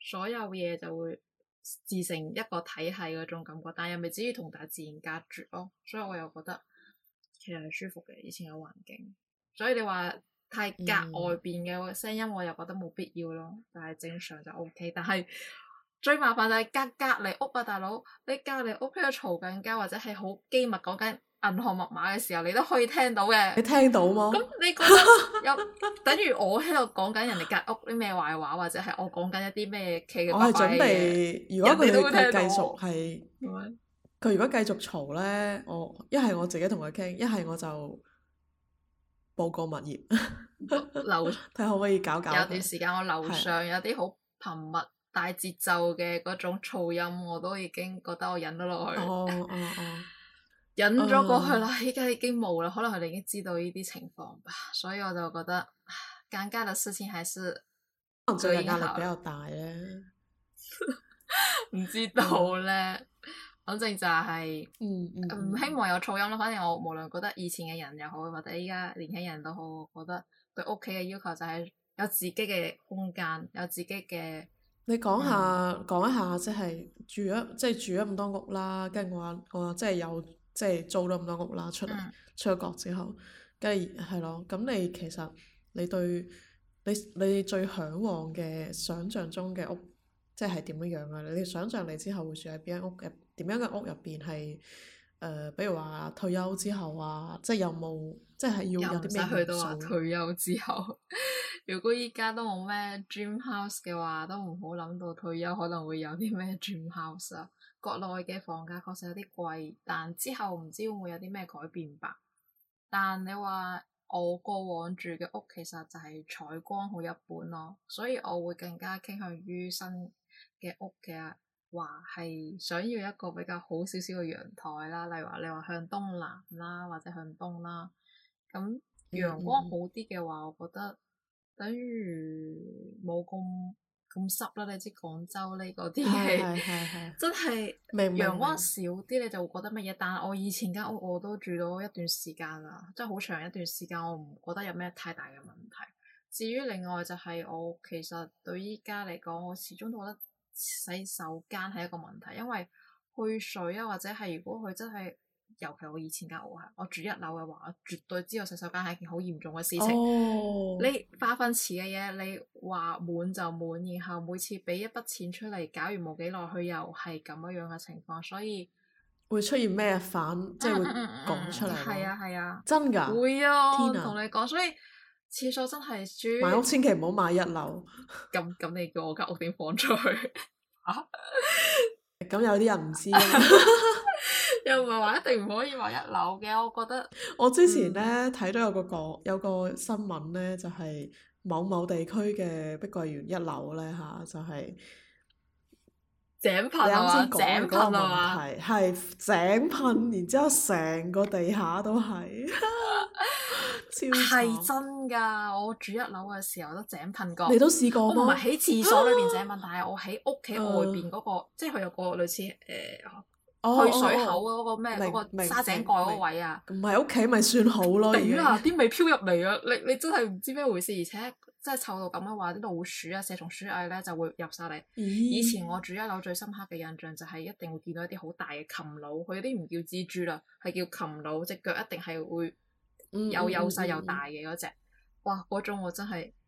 所有嘢就會自成一個體系嗰種感覺，但係又唔至於同大自然隔絕咯，所以我又覺得其實係舒服嘅以前嘅環境。所以你話太隔外邊嘅聲音，嗯、我又覺得冇必要咯，但係正常就 OK，但係。最麻煩就係隔隔離屋啊，大佬！你隔離屋喺度嘈緊交，或者係好機密講緊銀行密碼嘅時候，你都可以聽到嘅。你聽到嗎？咁 你覺得有等於我喺度講緊人哋隔屋啲咩壞話，或者係我講緊一啲咩企嘅？我係準備，如果佢繼續係，佢的如果繼續嘈咧，我一係我自己同佢傾，一係我就報個物業樓。睇下可唔可以搞搞？有段時間我樓上有啲好頻密。大節奏嘅嗰種噪音，我都已經覺得我忍得落去，忍咗、oh, oh, oh. 過去啦。依家、oh. 已經冇啦，可能佢哋已經知道呢啲情況吧。所以我就覺得更加嘅事情，還是最近壓、oh, 力比較大咧，唔 知道咧。Mm. 反正就係、是、唔、mm hmm. 希望有噪音咯。反正我無論覺得以前嘅人又好，或者依家年輕人都好，我覺得對屋企嘅要求就係有自己嘅空間，有自己嘅。你講下講一下，即係、嗯就是、住咗即係住咗咁多屋啦，跟住我我即係有即係、就是、租咗咁多屋啦，出出國之後，跟住係咯，咁你其實你對你你最嚮往嘅想像中嘅屋，即係點樣樣啊？你哋想像你之後會住喺邊間屋嘅，點樣嘅屋入邊係誒？比如話退休之後啊，即、就、係、是、有冇即係要有啲咩去到話退休之後？ 如果依家都冇咩 dream house 嘅話，都唔好諗到退休可能會有啲咩 dream house 啊！國內嘅房價確實有啲貴，但之後唔知會唔會有啲咩改變吧？但你話我過往住嘅屋其實就係採光好一般咯，所以我會更加傾向於新嘅屋嘅話係想要一個比較好少少嘅陽台啦，例如話你話向東南啦或者向東啦，咁陽光好啲嘅話，嗯、我覺得。等於冇咁咁濕啦，你知廣州呢個天氣，真係陽光少啲，你就會覺得乜嘢。但係我以前間屋我都住到一段時間啦，真係好長一段時間，我唔覺得有咩太大嘅問題。至於另外就係我其實對依家嚟講，我始終都覺得洗手間係一個問題，因為去水啊，或者係如果佢真係。尤其我以前間屋係，我住一樓嘅話，我絕對知道洗手間係一件好嚴重嘅事情。Oh. 你化糞池嘅嘢，你話滿就滿，然後每次俾一筆錢出嚟搞完冇幾耐，佢又係咁樣樣嘅情況，所以會出現咩、嗯、反，即係會講出嚟。係啊係啊，啊真㗎的。會啊，同、啊、你講，所以廁所真係住買屋千祈唔好買一樓。咁咁， 你叫我間屋點放出去啊？咁 有啲人唔知。 又唔係話一定唔可以話一樓嘅，我覺得。我之前咧睇到有個講有個新聞咧，就係某某地區嘅碧桂園一樓咧嚇，就係井噴。你啱先講嗰個問題係井噴，然之後成個地下都係超。係真㗎！我住一樓嘅時候都井噴過。你都試過？我唔係喺廁所裏邊井噴，但係我喺屋企外邊嗰個，即係佢有個類似誒。去水口嗰個咩嗰個沙井蓋嗰位啊，唔喺屋企咪算好咯。啲味飄入嚟啊！你你真係唔知咩回事，而且真係臭到咁嘅話，啲老鼠啊、蛇蟲鼠蟻咧就會入晒嚟。以前我住一樓最深刻嘅印象就係一定會見到一啲好大嘅禽佬，佢啲唔叫蜘蛛啦，係叫禽佬，隻腳一定係會又幼細又大嘅嗰隻。哇！嗰種我真係～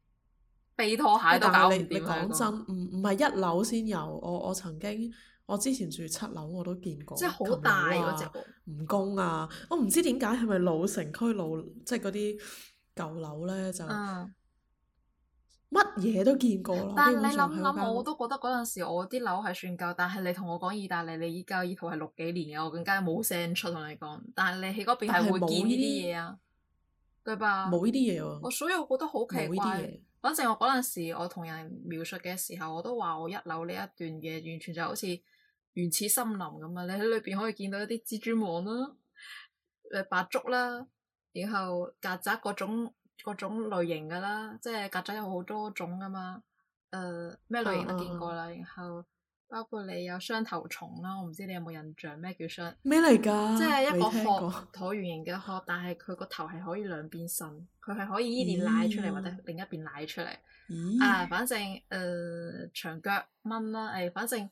拖鞋都搞唔掂啊！但係你你講真，唔唔係一樓先有。我我曾經，我之前住七樓我都見過。即係好大嗰隻蜈蚣啊！我唔知點解係咪老城區老，即係嗰啲舊樓咧就乜嘢都見過。但係你諗諗，我都覺得嗰陣時我啲樓係算舊，但係你同我講意大利，你依家依套係六幾年嘅，我更加冇聲出同你講。但係你喺嗰邊係會見呢啲嘢啊？對吧？冇呢啲嘢喎。我所以我覺得好奇怪。反正我嗰陣時，我同人描述嘅時候，我都話我一樓呢一段嘢完全就好似原始森林咁啊！你喺裏邊可以見到一啲蜘蛛網啦、啊，誒白竹啦、啊，然後曱甴各種各種類型㗎啦，即係曱甴有好多種㗎嘛，誒、呃、咩類型都見過啦，oh, um. 然後。包括你有雙頭蟲啦，我唔知你有冇印象咩叫雙咩嚟㗎？即係一個殼橢圓形嘅殼，但係佢個頭係可以兩邊伸，佢係可以依邊拉出嚟或者另一邊拉出嚟。咦啊，反正誒、呃、長腳蚊啦，誒反正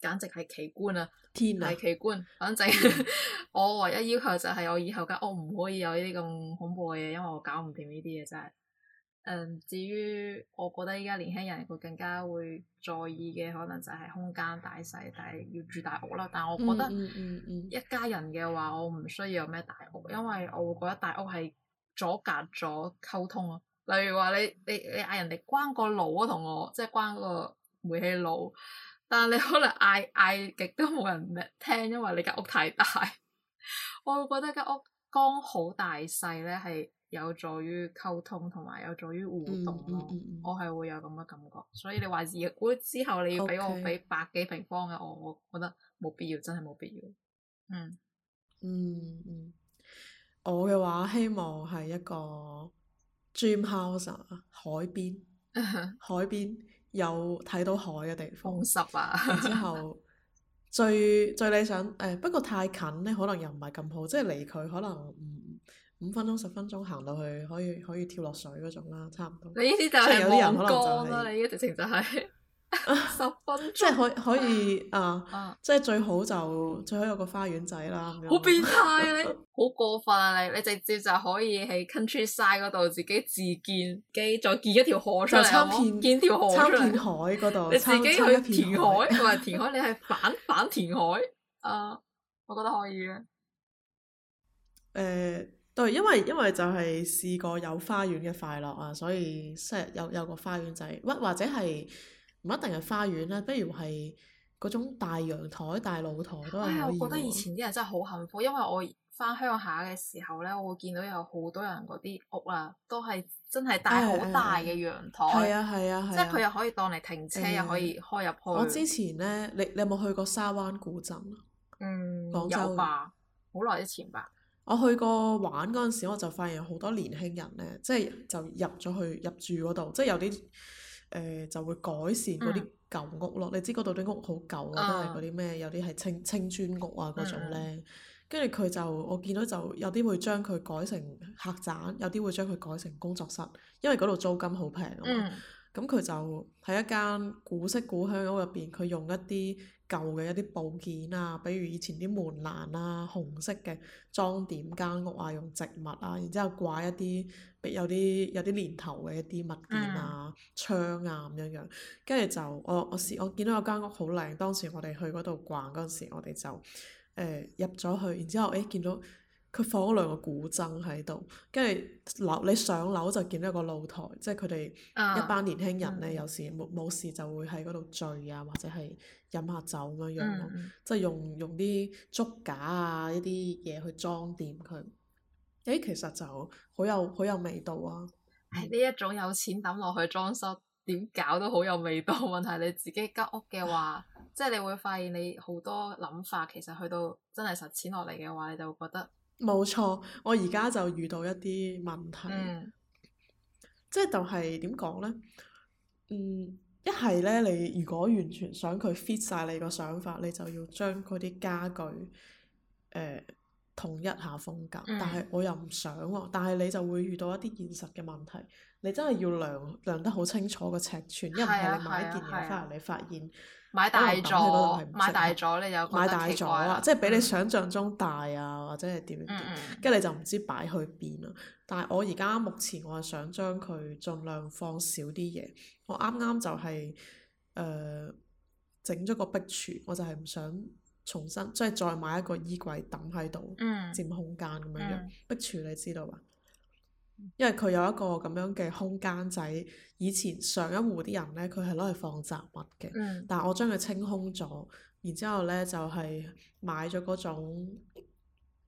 簡直係奇觀啊，天係奇觀。反正、啊、 我唯一要求就係我以後間屋唔可以有呢啲咁恐怖嘅嘢，因為我搞唔掂呢啲嘢真係。嗯，至於我覺得依家年輕人會更加會在意嘅，可能就係空間大細，但係要住大屋啦。但係我覺得一家人嘅話，我唔需要有咩大屋，因為我會覺得大屋係阻隔咗溝通咯。例如話你你你嗌人哋關個爐啊，同我即係關個煤氣爐，但係你可能嗌嗌極都冇人咩聽，因為你間屋太大。 我會覺得間屋剛好大細咧係。有助於溝通同埋有，有助於互動咯，嗯嗯嗯、我係會有咁嘅感覺。所以你話如果之後你要俾我俾 Okay. 百幾平方嘅，我我覺得冇必要，真係冇必要。嗯嗯嗯，嗯嗯我嘅話希望係一個 dream house 啊，海邊 海邊有睇到海嘅地方，風濕啊。然之後最最理想誒， 不過太近咧，可能又唔係咁好，即係離佢可能唔。五分鐘、十分鐘行到去，可以可以跳落水嗰種啦，差唔多。你意思就係有人可能你依啲直情就係十分即係可可以啊！即係最好就最好有個花園仔啦咁樣。好變態啊！你好過分啊！你你直接就可以喺 countryside 嗰度自己自建基，再建一條河上嚟咯。建條河片海嗰度。你自己去填海，同埋填海，你係反反填海。啊，我覺得可以嘅。誒。對，因為因為就係試過有花園嘅快樂啊，所以即係有有個花園仔，或或者係唔一定係花園啦，不如係嗰種大陽台、大露台都係、哎。我啊，覺得以前啲人真係好幸福，因為我翻鄉下嘅時候咧，我會見到有好多人嗰啲屋啊，都係真係大好、哎、呀大嘅陽台。係啊係啊係啊！即係佢又可以當嚟停車，哎、呀又可以開入去。我之前咧，你你有冇去過沙灣古鎮啊？嗯，廣州吧？好耐之前吧。我去過玩嗰陣時，我就發現好多年輕人呢，即係就入咗去入住嗰度，即係有啲誒、呃、就會改善嗰啲舊屋咯。嗯、你知嗰度啲屋好舊啊，都係嗰啲咩有啲係青青磚屋啊嗰種呢。跟住佢就我見到就有啲會將佢改成客棧，有啲會將佢改成工作室，因為嗰度租金好平啊。嗯。咁佢就喺一間古色古香嘅屋入邊，佢用一啲舊嘅一啲部件啊，比如以前啲門欄啊，紅色嘅裝點間屋啊，用植物啊，然之後掛一啲有啲有啲年頭嘅一啲物件啊、窗啊咁樣樣，跟住就我我試我見到有間屋好靚，當時我哋去嗰度逛嗰陣時我，我哋就誒入咗去，然之後誒見到。佢放咗兩個古箏喺度，跟住樓你上樓就見到一個露台，即係佢哋一班年輕人咧，啊嗯、有時冇冇事就會喺嗰度聚啊，或者係飲下酒咁樣、嗯、即係用用啲竹架啊呢啲嘢去裝點佢。誒、哎，其實就好有好有味道啊！係呢一種有錢抌落去裝修，點搞都好有味道。問題係你自己間屋嘅話， 即係你會發現你好多諗法，其實去到真係實踐落嚟嘅話，你就會覺得。冇錯，我而家就遇到一啲問題，嗯、即係就係點講呢？嗯，一係呢，你如果完全想佢 fit 晒你個想法，你就要將嗰啲家具誒、呃、統一一下風格，但係我又唔想喎、啊，但係你就會遇到一啲現實嘅問題。你真係要量量得好清楚個尺寸，一唔係你買一件嘢翻嚟，啊啊啊、你發現買大咗，有買大咗你有個奇怪，嗯、即係比你想象中大啊，或者係點點，跟住、嗯嗯、你就唔知擺去邊啦。但係我而家目前我係想將佢盡量放少啲嘢。我啱啱就係誒整咗個壁櫥，我就係唔想重新即係、就是、再買一個衣櫃抌喺度，嗯、佔空間咁樣樣。嗯、壁櫥你知道吧？因為佢有一個咁樣嘅空間仔，以前上一戶啲人咧，佢係攞嚟放雜物嘅。嗯、但係我將佢清空咗，然之後咧就係、是、買咗嗰種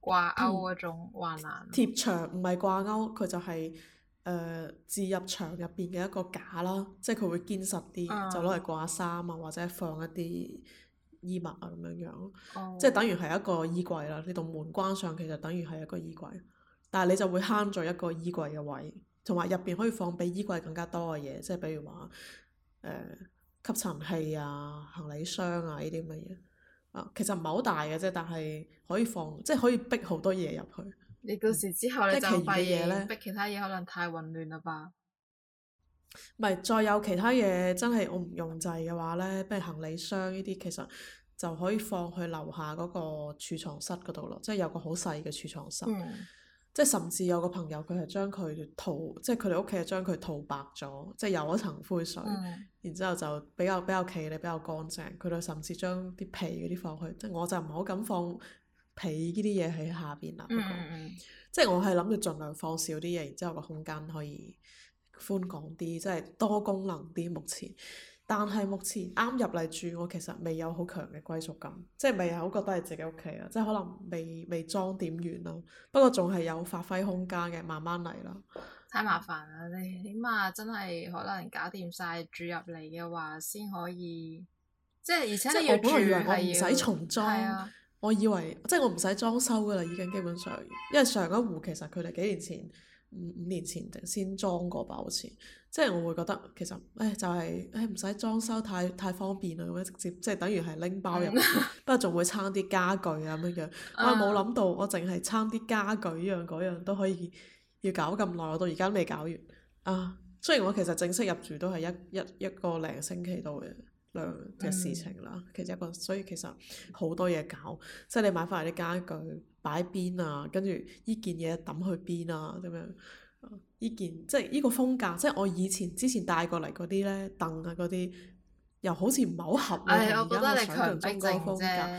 掛鈎嗰種橫欄。貼牆唔係掛鈎，佢就係、是、誒、呃、置入牆入邊嘅一個架啦，即係佢會堅實啲，嗯、就攞嚟掛衫啊，或者放一啲衣物啊咁樣樣。嗯、即係等於係一個衣櫃啦，你度門關上，其實等於係一個衣櫃。但係你就會慳咗一個衣櫃嘅位，同埋入邊可以放比衣櫃更加多嘅嘢，即係比如話誒、呃、吸塵器啊、行李箱啊呢啲咁嘅嘢啊。其實唔係好大嘅啫，但係可以放，即係可以逼好多嘢入去。你到時之後你就發現逼其他嘢可能太混亂了吧？唔係，再有其他嘢真係我唔用滯嘅話咧，不如行李箱呢啲，其實就可以放去樓下嗰個儲藏室嗰度咯。即係有個好細嘅儲藏室。嗯。即係甚至有個朋友佢係將佢塗，即係佢哋屋企係將佢塗白咗，即係有一層灰水，mm. 然之後就比較比較企理，比較乾淨。佢哋甚至將啲被嗰啲放去，即係我就唔好噉放被呢啲嘢喺下邊啦。Mm. 即係我係諗住盡量放少啲嘢，然之後個空間可以寬廣啲，即係多功能啲目前。但係目前啱入嚟住，我其實未有好強嘅歸屬感，即係未好覺得係自己屋企啊！即係可能未未裝點完咯，不過仲係有發揮空間嘅，慢慢嚟啦。太麻煩啦！你起碼真係可能搞掂晒住入嚟嘅話，先可以。即係而且住即我本來以為我唔使重裝，的我以為即係我唔使裝修噶啦，已經基本上，因為上一戶其實佢哋幾年前。五五年前定先裝過吧，好似，即係我會覺得其實唉，就係、是、唉，唔使裝修太太方便啦，咁樣我直接即係等於係拎包入。 不過仲會差啲家具啊咁樣樣，我冇諗到我淨係差啲家具依樣嗰樣都可以要搞咁耐，我到而家都未搞完啊！雖然我其實正式入住都係一一一,一個零星期到嘅。嘅事情啦，嗯、其實一個，所以其實好多嘢搞，即係、嗯、你買翻嚟啲家具擺邊啊，跟住依件嘢抌去邊啊，咁樣依件即係依個風格，即係我以前之前帶過嚟嗰啲咧凳啊嗰啲，又好似唔係好合。係我覺得你強迫症風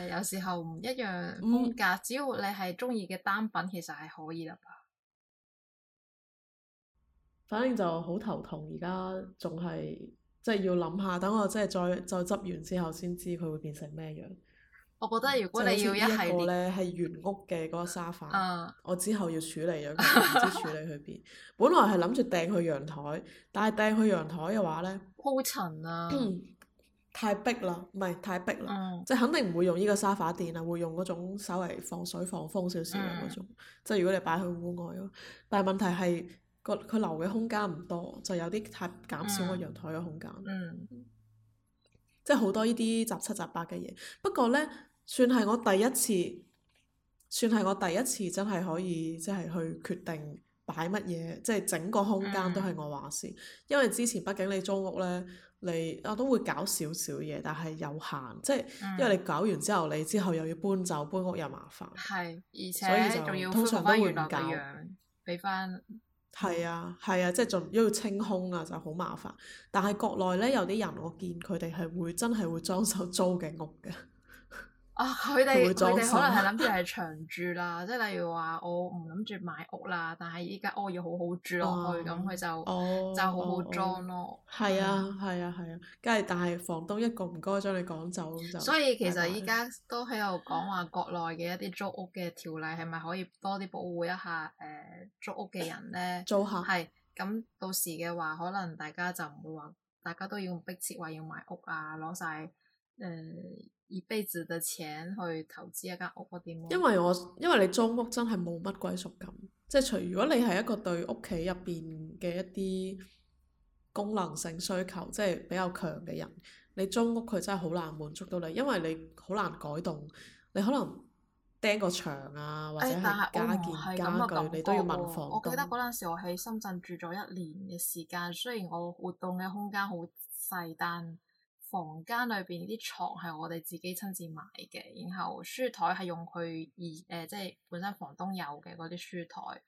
格，有時候唔一樣風格，嗯、只要你係中意嘅單品，其實係可以啦。反正就好頭痛，而家仲係。即係要諗下，等我即係再再執完之後，先知佢會變成咩樣。我覺得如果你要個呢一系列咧，係原屋嘅嗰個沙發，uh. 我之後要處理咗，佢，唔知處理去邊。 本來係諗住掟去陽台，但係掟去陽台嘅話咧，鋪塵啊， 太逼啦，唔係太逼啦，uh. 即係肯定唔會用呢個沙發墊啊，會用嗰種稍微防水防風少少嘅嗰種，即係、uh. 如果你擺去戶外咯。但係問題係。個佢留嘅空間唔多，就有啲太減少個陽台嘅空間，嗯、即係好多呢啲雜七雜八嘅嘢。不過呢，算係我第一次，算係我第一次真係可以即係、就是、去決定擺乜嘢，即係整個空間都係我話事。嗯、因為之前畢竟你租屋呢，你我、啊、都會搞少少嘢，但係有限，即係、嗯、因為你搞完之後，你之後又要搬走搬屋又麻煩。係，而且所以就通常都會唔搞，原來嘅樣，俾翻。係啊，係啊，即係仲要清空啊，就好麻煩。但係國內呢，有啲人我見佢哋係會真係會裝修租嘅屋嘅。啊！佢哋佢哋可能係諗住係長住啦，即係 例如話我唔諗住買屋啦，但係依家我要好好住落去，咁佢、哦、就、哦、就好好裝咯。係、哦、啊，係啊，係啊！即係、啊、但係房東一個唔該將你趕走咁就。所以其實依家都喺度講話國內嘅一啲租屋嘅條例係咪可以多啲保護一下誒、呃、租屋嘅人咧？租客，係，咁到時嘅話，可能大家就唔會話大家都要逼切話要買屋啊，攞晒。誒、嗯。嗯一輩子嘅錢去投資一間屋嗰啲，啊，因為我因為你租屋真係冇乜歸屬感，即係除如果你係一個對屋企入邊嘅一啲功能性需求，即係比較強嘅人，你租屋佢真係好難滿足到你，因為你好難改動，你可能釘個牆啊，或者係加建，哎，家具，你都要問房。我記得嗰陣時我喺深圳住咗一年嘅時間，雖然我活動嘅空間好細，但。房間裏邊啲床係我哋自己親自買嘅，然後書枱係用佢二誒，即係本身房東有嘅嗰啲書枱。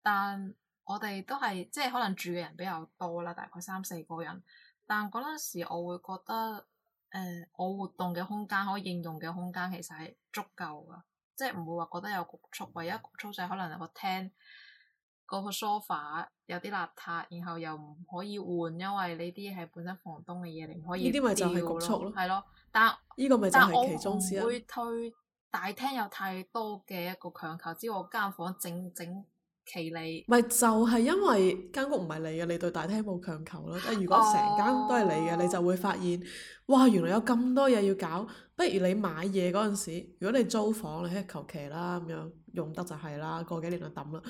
但我哋都係即係可能住嘅人比較多啦，大概三四個人。但嗰陣時我會覺得誒、呃，我活動嘅空間，可以應用嘅空間其實係足夠㗎，即係唔會話覺得有局促。唯一局促就係可能有個廳。嗰個 sofa 有啲邋遢，然後又唔可以換，因為呢啲係本身房東嘅嘢，你唔可以調。呢啲咪就係局促咯，係咯了。但呢個咪就係其中之一。我唔會推大廳有太多嘅一個強求，只我間房整整其理。咪就係、是、因為間屋唔係你嘅，你對大廳冇強求咯。但係如果成間都係你嘅，哦、你就會發現，哇，原來有咁多嘢要搞。不如你買嘢嗰陣時，如果你租房，你係求其啦咁樣，用得就係啦，過幾年就抌啦。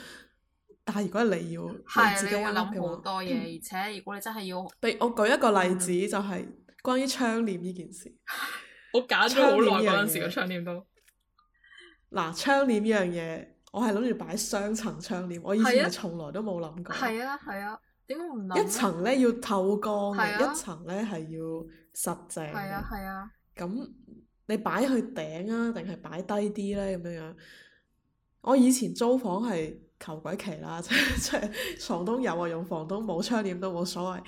但係如果的你要自己温嘅會諗好多嘢，嗯、而且如果你真係要，俾我舉一個例子、嗯、就係關於窗簾呢件, 件,件事。我揀咗好耐嗰陣時嘅窗簾都，嗱窗簾呢樣嘢，我係諗住擺雙層窗簾，我以前係從來都冇諗過。係啊係啊，點解唔諗？一層咧要透光嘅，啊、一層咧係要實淨嘅。係啊係啊。咁你擺去頂啊，定係擺低啲咧？咁樣樣，我以前租房係。求鬼其啦，即係即係，房東有啊，用房東冇窗簾都冇所謂。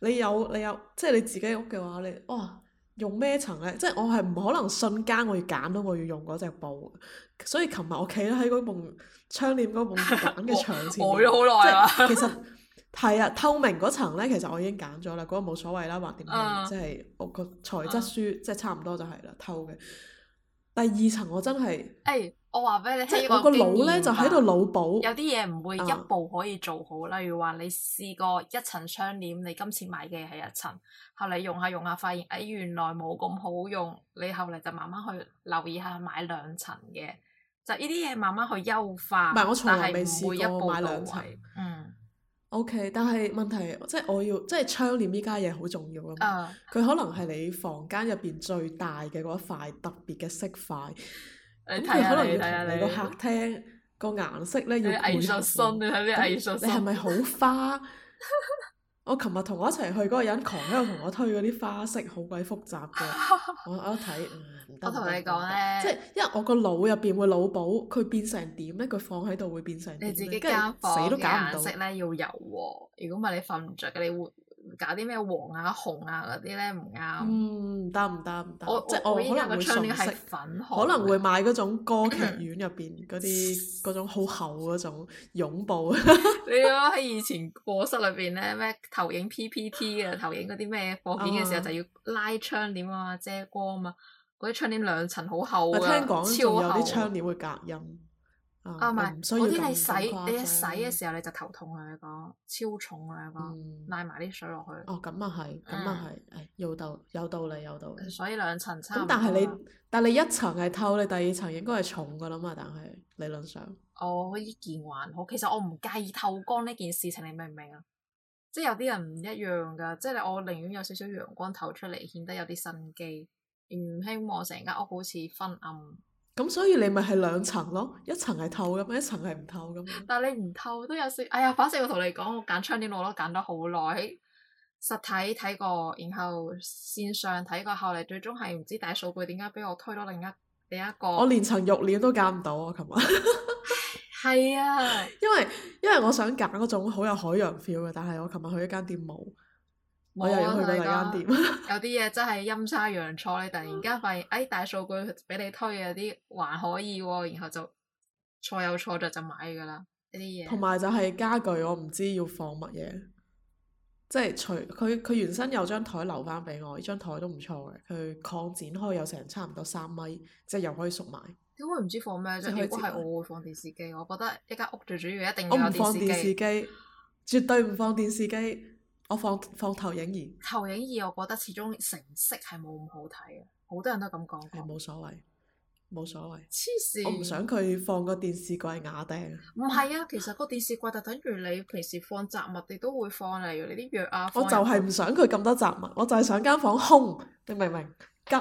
你有你有，即係你自己的屋嘅話，你哇，用咩層咧？即係我係唔可能瞬間我要揀到我要用嗰隻布。所以琴日我企咗喺嗰埲窗簾嗰埲揀嘅牆前面冇咗好耐。 即係其實係啊，透明嗰層咧，其實我已經揀咗啦，嗰、嗰個冇所謂啦，橫掂、uh, 即係我個材質書，uh. 即係差唔多就係啦，透嘅。第二層我真係。Hey. 我話俾你聽，即係我個腦咧就喺度腦補，有啲嘢唔會一步可以做好。啊、例如話你試過一層窗簾，你今次買嘅係一層，後嚟用下用下發現，哎，原來冇咁好用。你後嚟就慢慢去留意下買兩層嘅，就呢啲嘢慢慢去優化。唔係我從來未試過買兩層。嗯。O K，但係問題即係我要，即係窗簾依家嘢好重要噶嘛？佢、嗯、可能係你房間入邊最大嘅嗰一塊特別嘅色塊。咁佢可能要睇下你個客廳個、啊、顏色咧要配襯，你係咪好花？ 我琴日同我一齊去嗰個人狂喺度同我推嗰啲花式，好鬼複雜嘅。我一睇唔得。嗯、行行我同你講咧，即係因為我個腦入邊會腦補，佢變成點咧？佢放喺度會變成點。你自己死都搞唔到。色咧要柔和，如果唔係你瞓唔着嘅，你換。搞啲咩黃啊紅啊嗰啲咧唔啱。嗯，唔得唔得唔得。我即、哦、我依家個窗簾係粉紅，可能會買嗰種歌劇院入邊嗰啲嗰種好 厚嗰種絨布。 你諗喺以前課室裏邊咧，咩投影 PPT 啊、投影嗰啲咩課片嘅時候，就要拉窗簾啊遮光啊，嗰啲、哦、窗簾兩層好厚啊，超厚。有啲窗簾會隔音。嗯、啊，唔係，嗰啲你洗，你一洗嘅時候你就頭痛啦，你講超重啦，你講瀨埋啲水落去。哦，咁啊係，咁啊係，誒，有道，有道理，有道理。所以兩層差唔多。咁但係你，但係你一層係透，你第二層應該係重噶啦嘛，但係理論上。我依、哦、件還好，其實我唔介意透光呢件事情，你明唔明啊？即係有啲人唔一樣㗎，即係我寧願有少少陽光透出嚟，顯得有啲生機，唔希望成間屋好似昏暗。咁所以你咪係兩層咯，一層係透咁，一層係唔透咁。但係你唔透都有時，哎呀，反正我同你講，我揀窗簾我都揀咗好耐，實體睇過，然後線上睇過，後嚟最終係唔知大數據點解俾我推咗另一另一個。我連層浴簾都揀唔到啊！琴日。係 啊。因為因為我想揀嗰種好有海洋 feel 嘅，但係我琴日去一間店冇。哦、我又要、嗯！去你間店， 有啲嘢真係陰差陽錯，你突然間發現，嗯、哎大數據俾你推嘅啲還可以喎，然後就錯有錯著就買噶啦呢啲嘢。同埋就係家具，我唔知要放乜嘢，即係除佢佢原身有張台留翻俾我，呢張台都唔錯嘅，佢擴展開有成差唔多三米，即係又可以縮埋。點會唔知放咩？如果係我會放電視機，我唔放電視機，我覺得一間屋最主要一定要有電視機。我唔放電視機，絕對唔放電視機。我放放投影儀，投影儀我覺得始終成色係冇咁好睇，好多人都係咁講。係冇所謂，冇所謂。黐線，我唔想佢放個電視櫃壓頂。唔係啊，其實個電視櫃就等於你平時放雜物，你都會放例如你啲藥啊。我就係唔想佢咁多雜物，啊、我就係想間房空，你明唔明？急！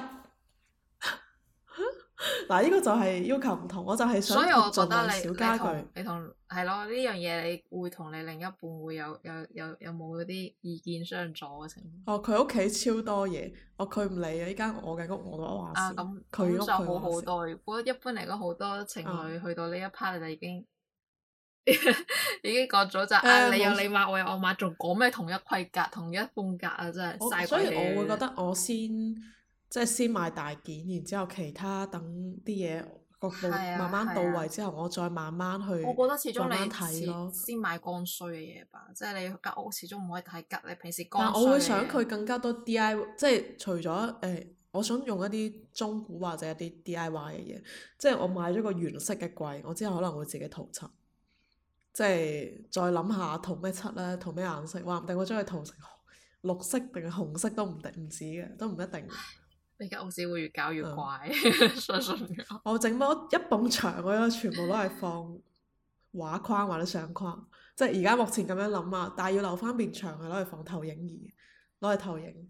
嗱，呢個就係要求唔同，我就係想盡量少家具。所以我覺得你同係咯，呢樣嘢你會同你另一半會有有有有冇嗰啲意見相左嘅情況、哦？哦，佢屋企超多嘢，哦，佢唔理嘅呢間我嘅屋，我都話啊，咁佢屋就好好多。我一般嚟講，好多情侶、啊、去到呢一 part 就已經 已經講咗就是嗯、啊，你有你碼，我有我碼，仲講咩同一規格、同一風格啊？真係晒鬼嘢。所以我會覺得我先。即係先買大件，然之後其他等啲嘢各步慢慢到位之後，啊啊、我再慢慢去我覺得始慢慢睇咯。先買剛需嘅嘢吧，即係你間屋始終唔可以太急。你平時剛需。但係我會想佢更加多 DIY 即係除咗誒、呃，我想用一啲中古或者一啲 D.I.Y. 嘅嘢，即係我買咗個原色嘅櫃，我之後可能會自己塗漆，即係再諗下塗咩漆咧，塗咩顏色，話唔定我將佢塗成綠色定係紅色都唔定，唔止嘅，都唔一定。你而家屋企會越搞越怪，嗯、 的我一牆。整多一埲牆，我全部都係放畫框或者相框。即係而家目前咁樣諗啊，但係要留翻面牆係攞嚟放投影儀，攞嚟投影。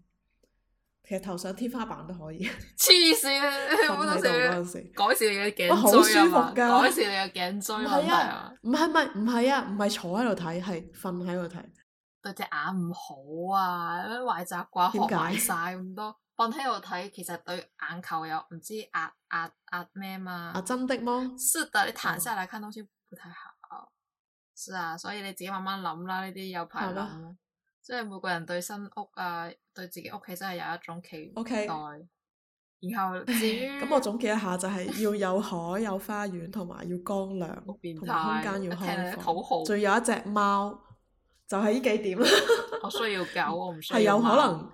其實投上天花板都可以。黐線，我當時講笑你嘅頸舒服嘛，講笑你嘅頸椎問啊，唔係唔係唔係啊，唔係、啊、坐喺度睇，係瞓喺度睇。對隻眼唔好啊！啲壞習慣學埋晒咁多，放喺度睇，其實對眼球又唔知壓壓壓咩嘛。啊，真的嗎？是的，你躺下嚟看東西不太好。是啊，所以你自己慢慢諗啦。呢啲有排諗。即係每個人對新屋啊，對自己屋企真係有一種期期待。然後至於咁，我總結一下就係要有海有花園，同埋要光亮，同空間要好開闊，仲有一隻貓。就係呢幾點啦， 我需要搞，我唔需要搞，係有可能，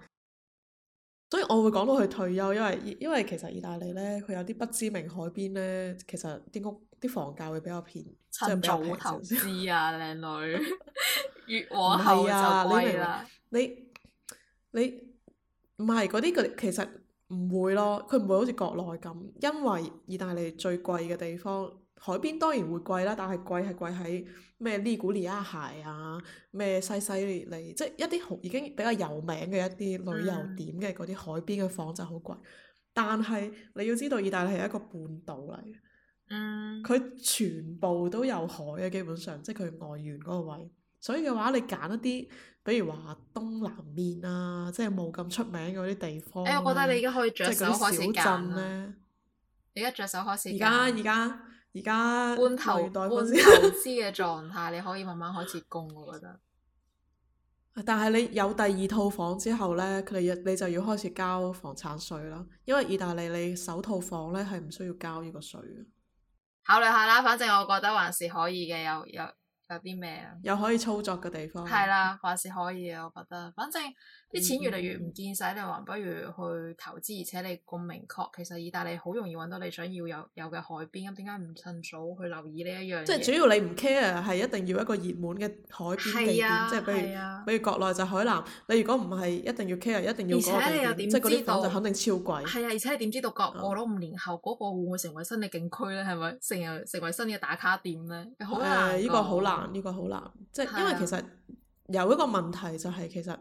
所以我會講到佢退休，因為因為其實意大利咧，佢有啲不知名海邊咧，其實啲屋啲房價會比較便，即係比較平。投資啊，靚女，越 往後就越貴啦，啊，你你唔係嗰啲佢其實唔會咯，佢唔會好似國內咁，因為意大利最貴嘅地方。海邊當然會貴啦，但係貴係貴喺咩利古里亞鞋啊，咩西西利，即係一啲已經比較有名嘅一啲旅遊點嘅嗰啲海邊嘅房就好貴。但係你要知道，意大利係一個半島嚟，佢、嗯、全部都有海嘅，基本上即係佢外緣嗰個位。所以嘅話你，你揀一啲，比如話東南面啊，即係冇咁出名嗰啲地方、啊欸。我覺得你而家可以着手開始揀啦。而家着手開始。而家而家。而家半投資嘅狀態， 你可以慢慢開始供，我覺得。但係你有第二套房之後咧，佢哋要你就要開始交房產稅啦，因為意大利你首套房咧係唔需要交呢個稅嘅。考慮下啦，反正我覺得還是可以嘅，有有有啲咩啊，有可以操作嘅地方。係啦，還是可以，我覺得，反正。啲、嗯嗯、錢越嚟越唔見使，你話不如去投資，而且你咁明確，其實意大利好容易揾到你想要有有嘅海邊，咁點解唔趁早去留意呢一樣？即係主要你唔 care，係一定要一個熱門嘅海邊地點，啊、即係比如、啊、比如國內就海南，你如果唔係一定要 care，一定要嗰個地就肯定超貴。係啊，而且你點知道過我咗五年後嗰、嗯、個會唔會成為新嘅景區咧？係咪成日成為新嘅打卡點咧？誒、呢、呃這個好難，呢、這個好難，即、這、係、個、因為其實有一個問題就係其實。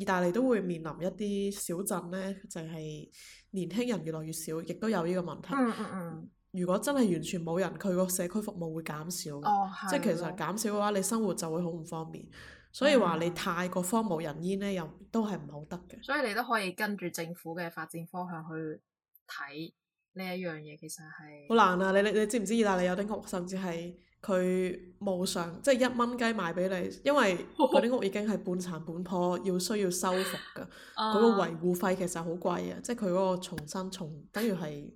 意大利都會面臨一啲小鎮呢就係、是、年輕人越來越少，亦都有呢個問題。嗯嗯嗯、如果真係完全冇人，佢個社區服務會減少，哦、即係其實減少嘅話，你生活就會好唔方便。所以話你太過荒無人煙呢又都係唔好得嘅。所以你都可以跟住政府嘅發展方向去睇呢一樣嘢，其實係好難啊！你你知唔知意大利有啲，屋，甚至係？佢冇償，即係一蚊雞賣畀你，因為嗰啲屋已經係半殘半破，要需要修復噶。嗰 個維護費其實好貴啊，uh, 即係佢嗰個重新重，等於係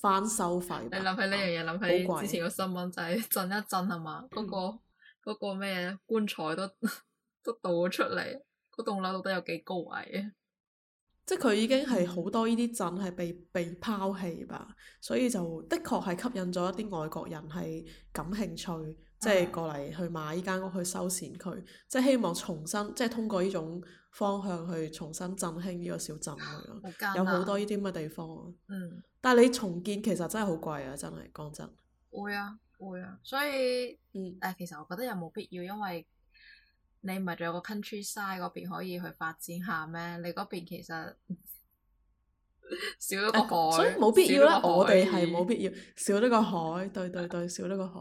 翻收費。你諗起呢樣嘢，諗起好貴之前個新聞就係震一震係嘛？嗰貴、嗰個咩、嗰個、棺材都都倒咗出嚟，嗰棟樓到底有幾高矮啊？即係佢已經係好多呢啲鎮係被被拋棄吧，所以就的確係吸引咗一啲外國人係感興趣，即係過嚟去買呢間屋去修繕佢，即係希望重新即係通過呢種方向去重新振興呢個小鎮咁樣，啊、有好多呢啲咁嘅地方。嗯，但係你重建其實真係好貴啊！真係講真。會啊會啊，所以嗯誒，其實我覺得又冇必要，因為。你唔係仲有個 country side 嗰邊可以去發展下咩？你嗰邊其實少咗個海，啊，所以冇必要啦。我哋係冇必要少咗個海，對對對，少咗個海。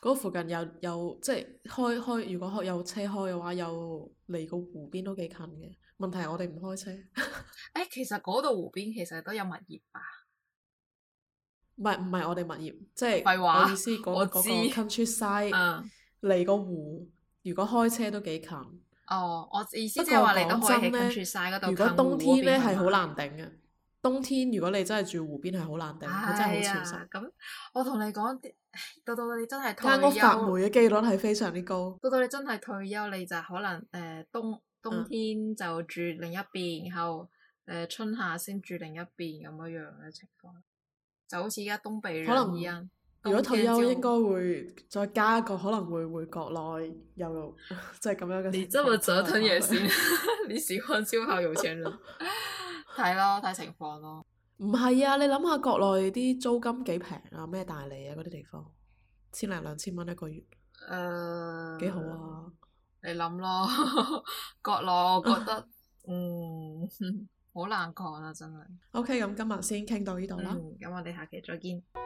嗰 附近有有即係開開，如果有車開嘅話，又離個湖邊都幾近嘅。問題係我哋唔開車。誒、 欸，其實嗰度湖邊其實都有物業吧？唔係唔係，我哋物業即係話說意思，嗰、嗰、嗰個，個 country side 嚟個湖。 如果開車都幾近，哦，我意思即係話你都可以住晒嗰度，如果冬天咧係好難頂嘅。頂啊、冬天如果你真係住湖邊係好難頂，啊、真係好潮濕。咁、啊嗯、我同你講，到到你真係退休，屋發霉嘅機率係非常之高。到到你真係退休，你就可能誒、呃、冬冬天就住另一邊，然後誒、呃、春夏先住另一邊咁樣樣嘅情況，就好似而家東北兩樣。如果退休應該會再加一個，可能會回國內又，即係咁樣嘅。你執個左吞嘢先， 你是 看燒烤用錢咯？睇咯，睇情況咯。唔係啊，你諗下國內啲租金幾平啊？咩大理啊嗰啲地方，千零兩千蚊一個月。誒。幾好啊！你諗想咯， 國內我覺得， 嗯，好 難講啊，真係。OK，咁今日先傾到呢度啦。咁、嗯、我哋下期再見。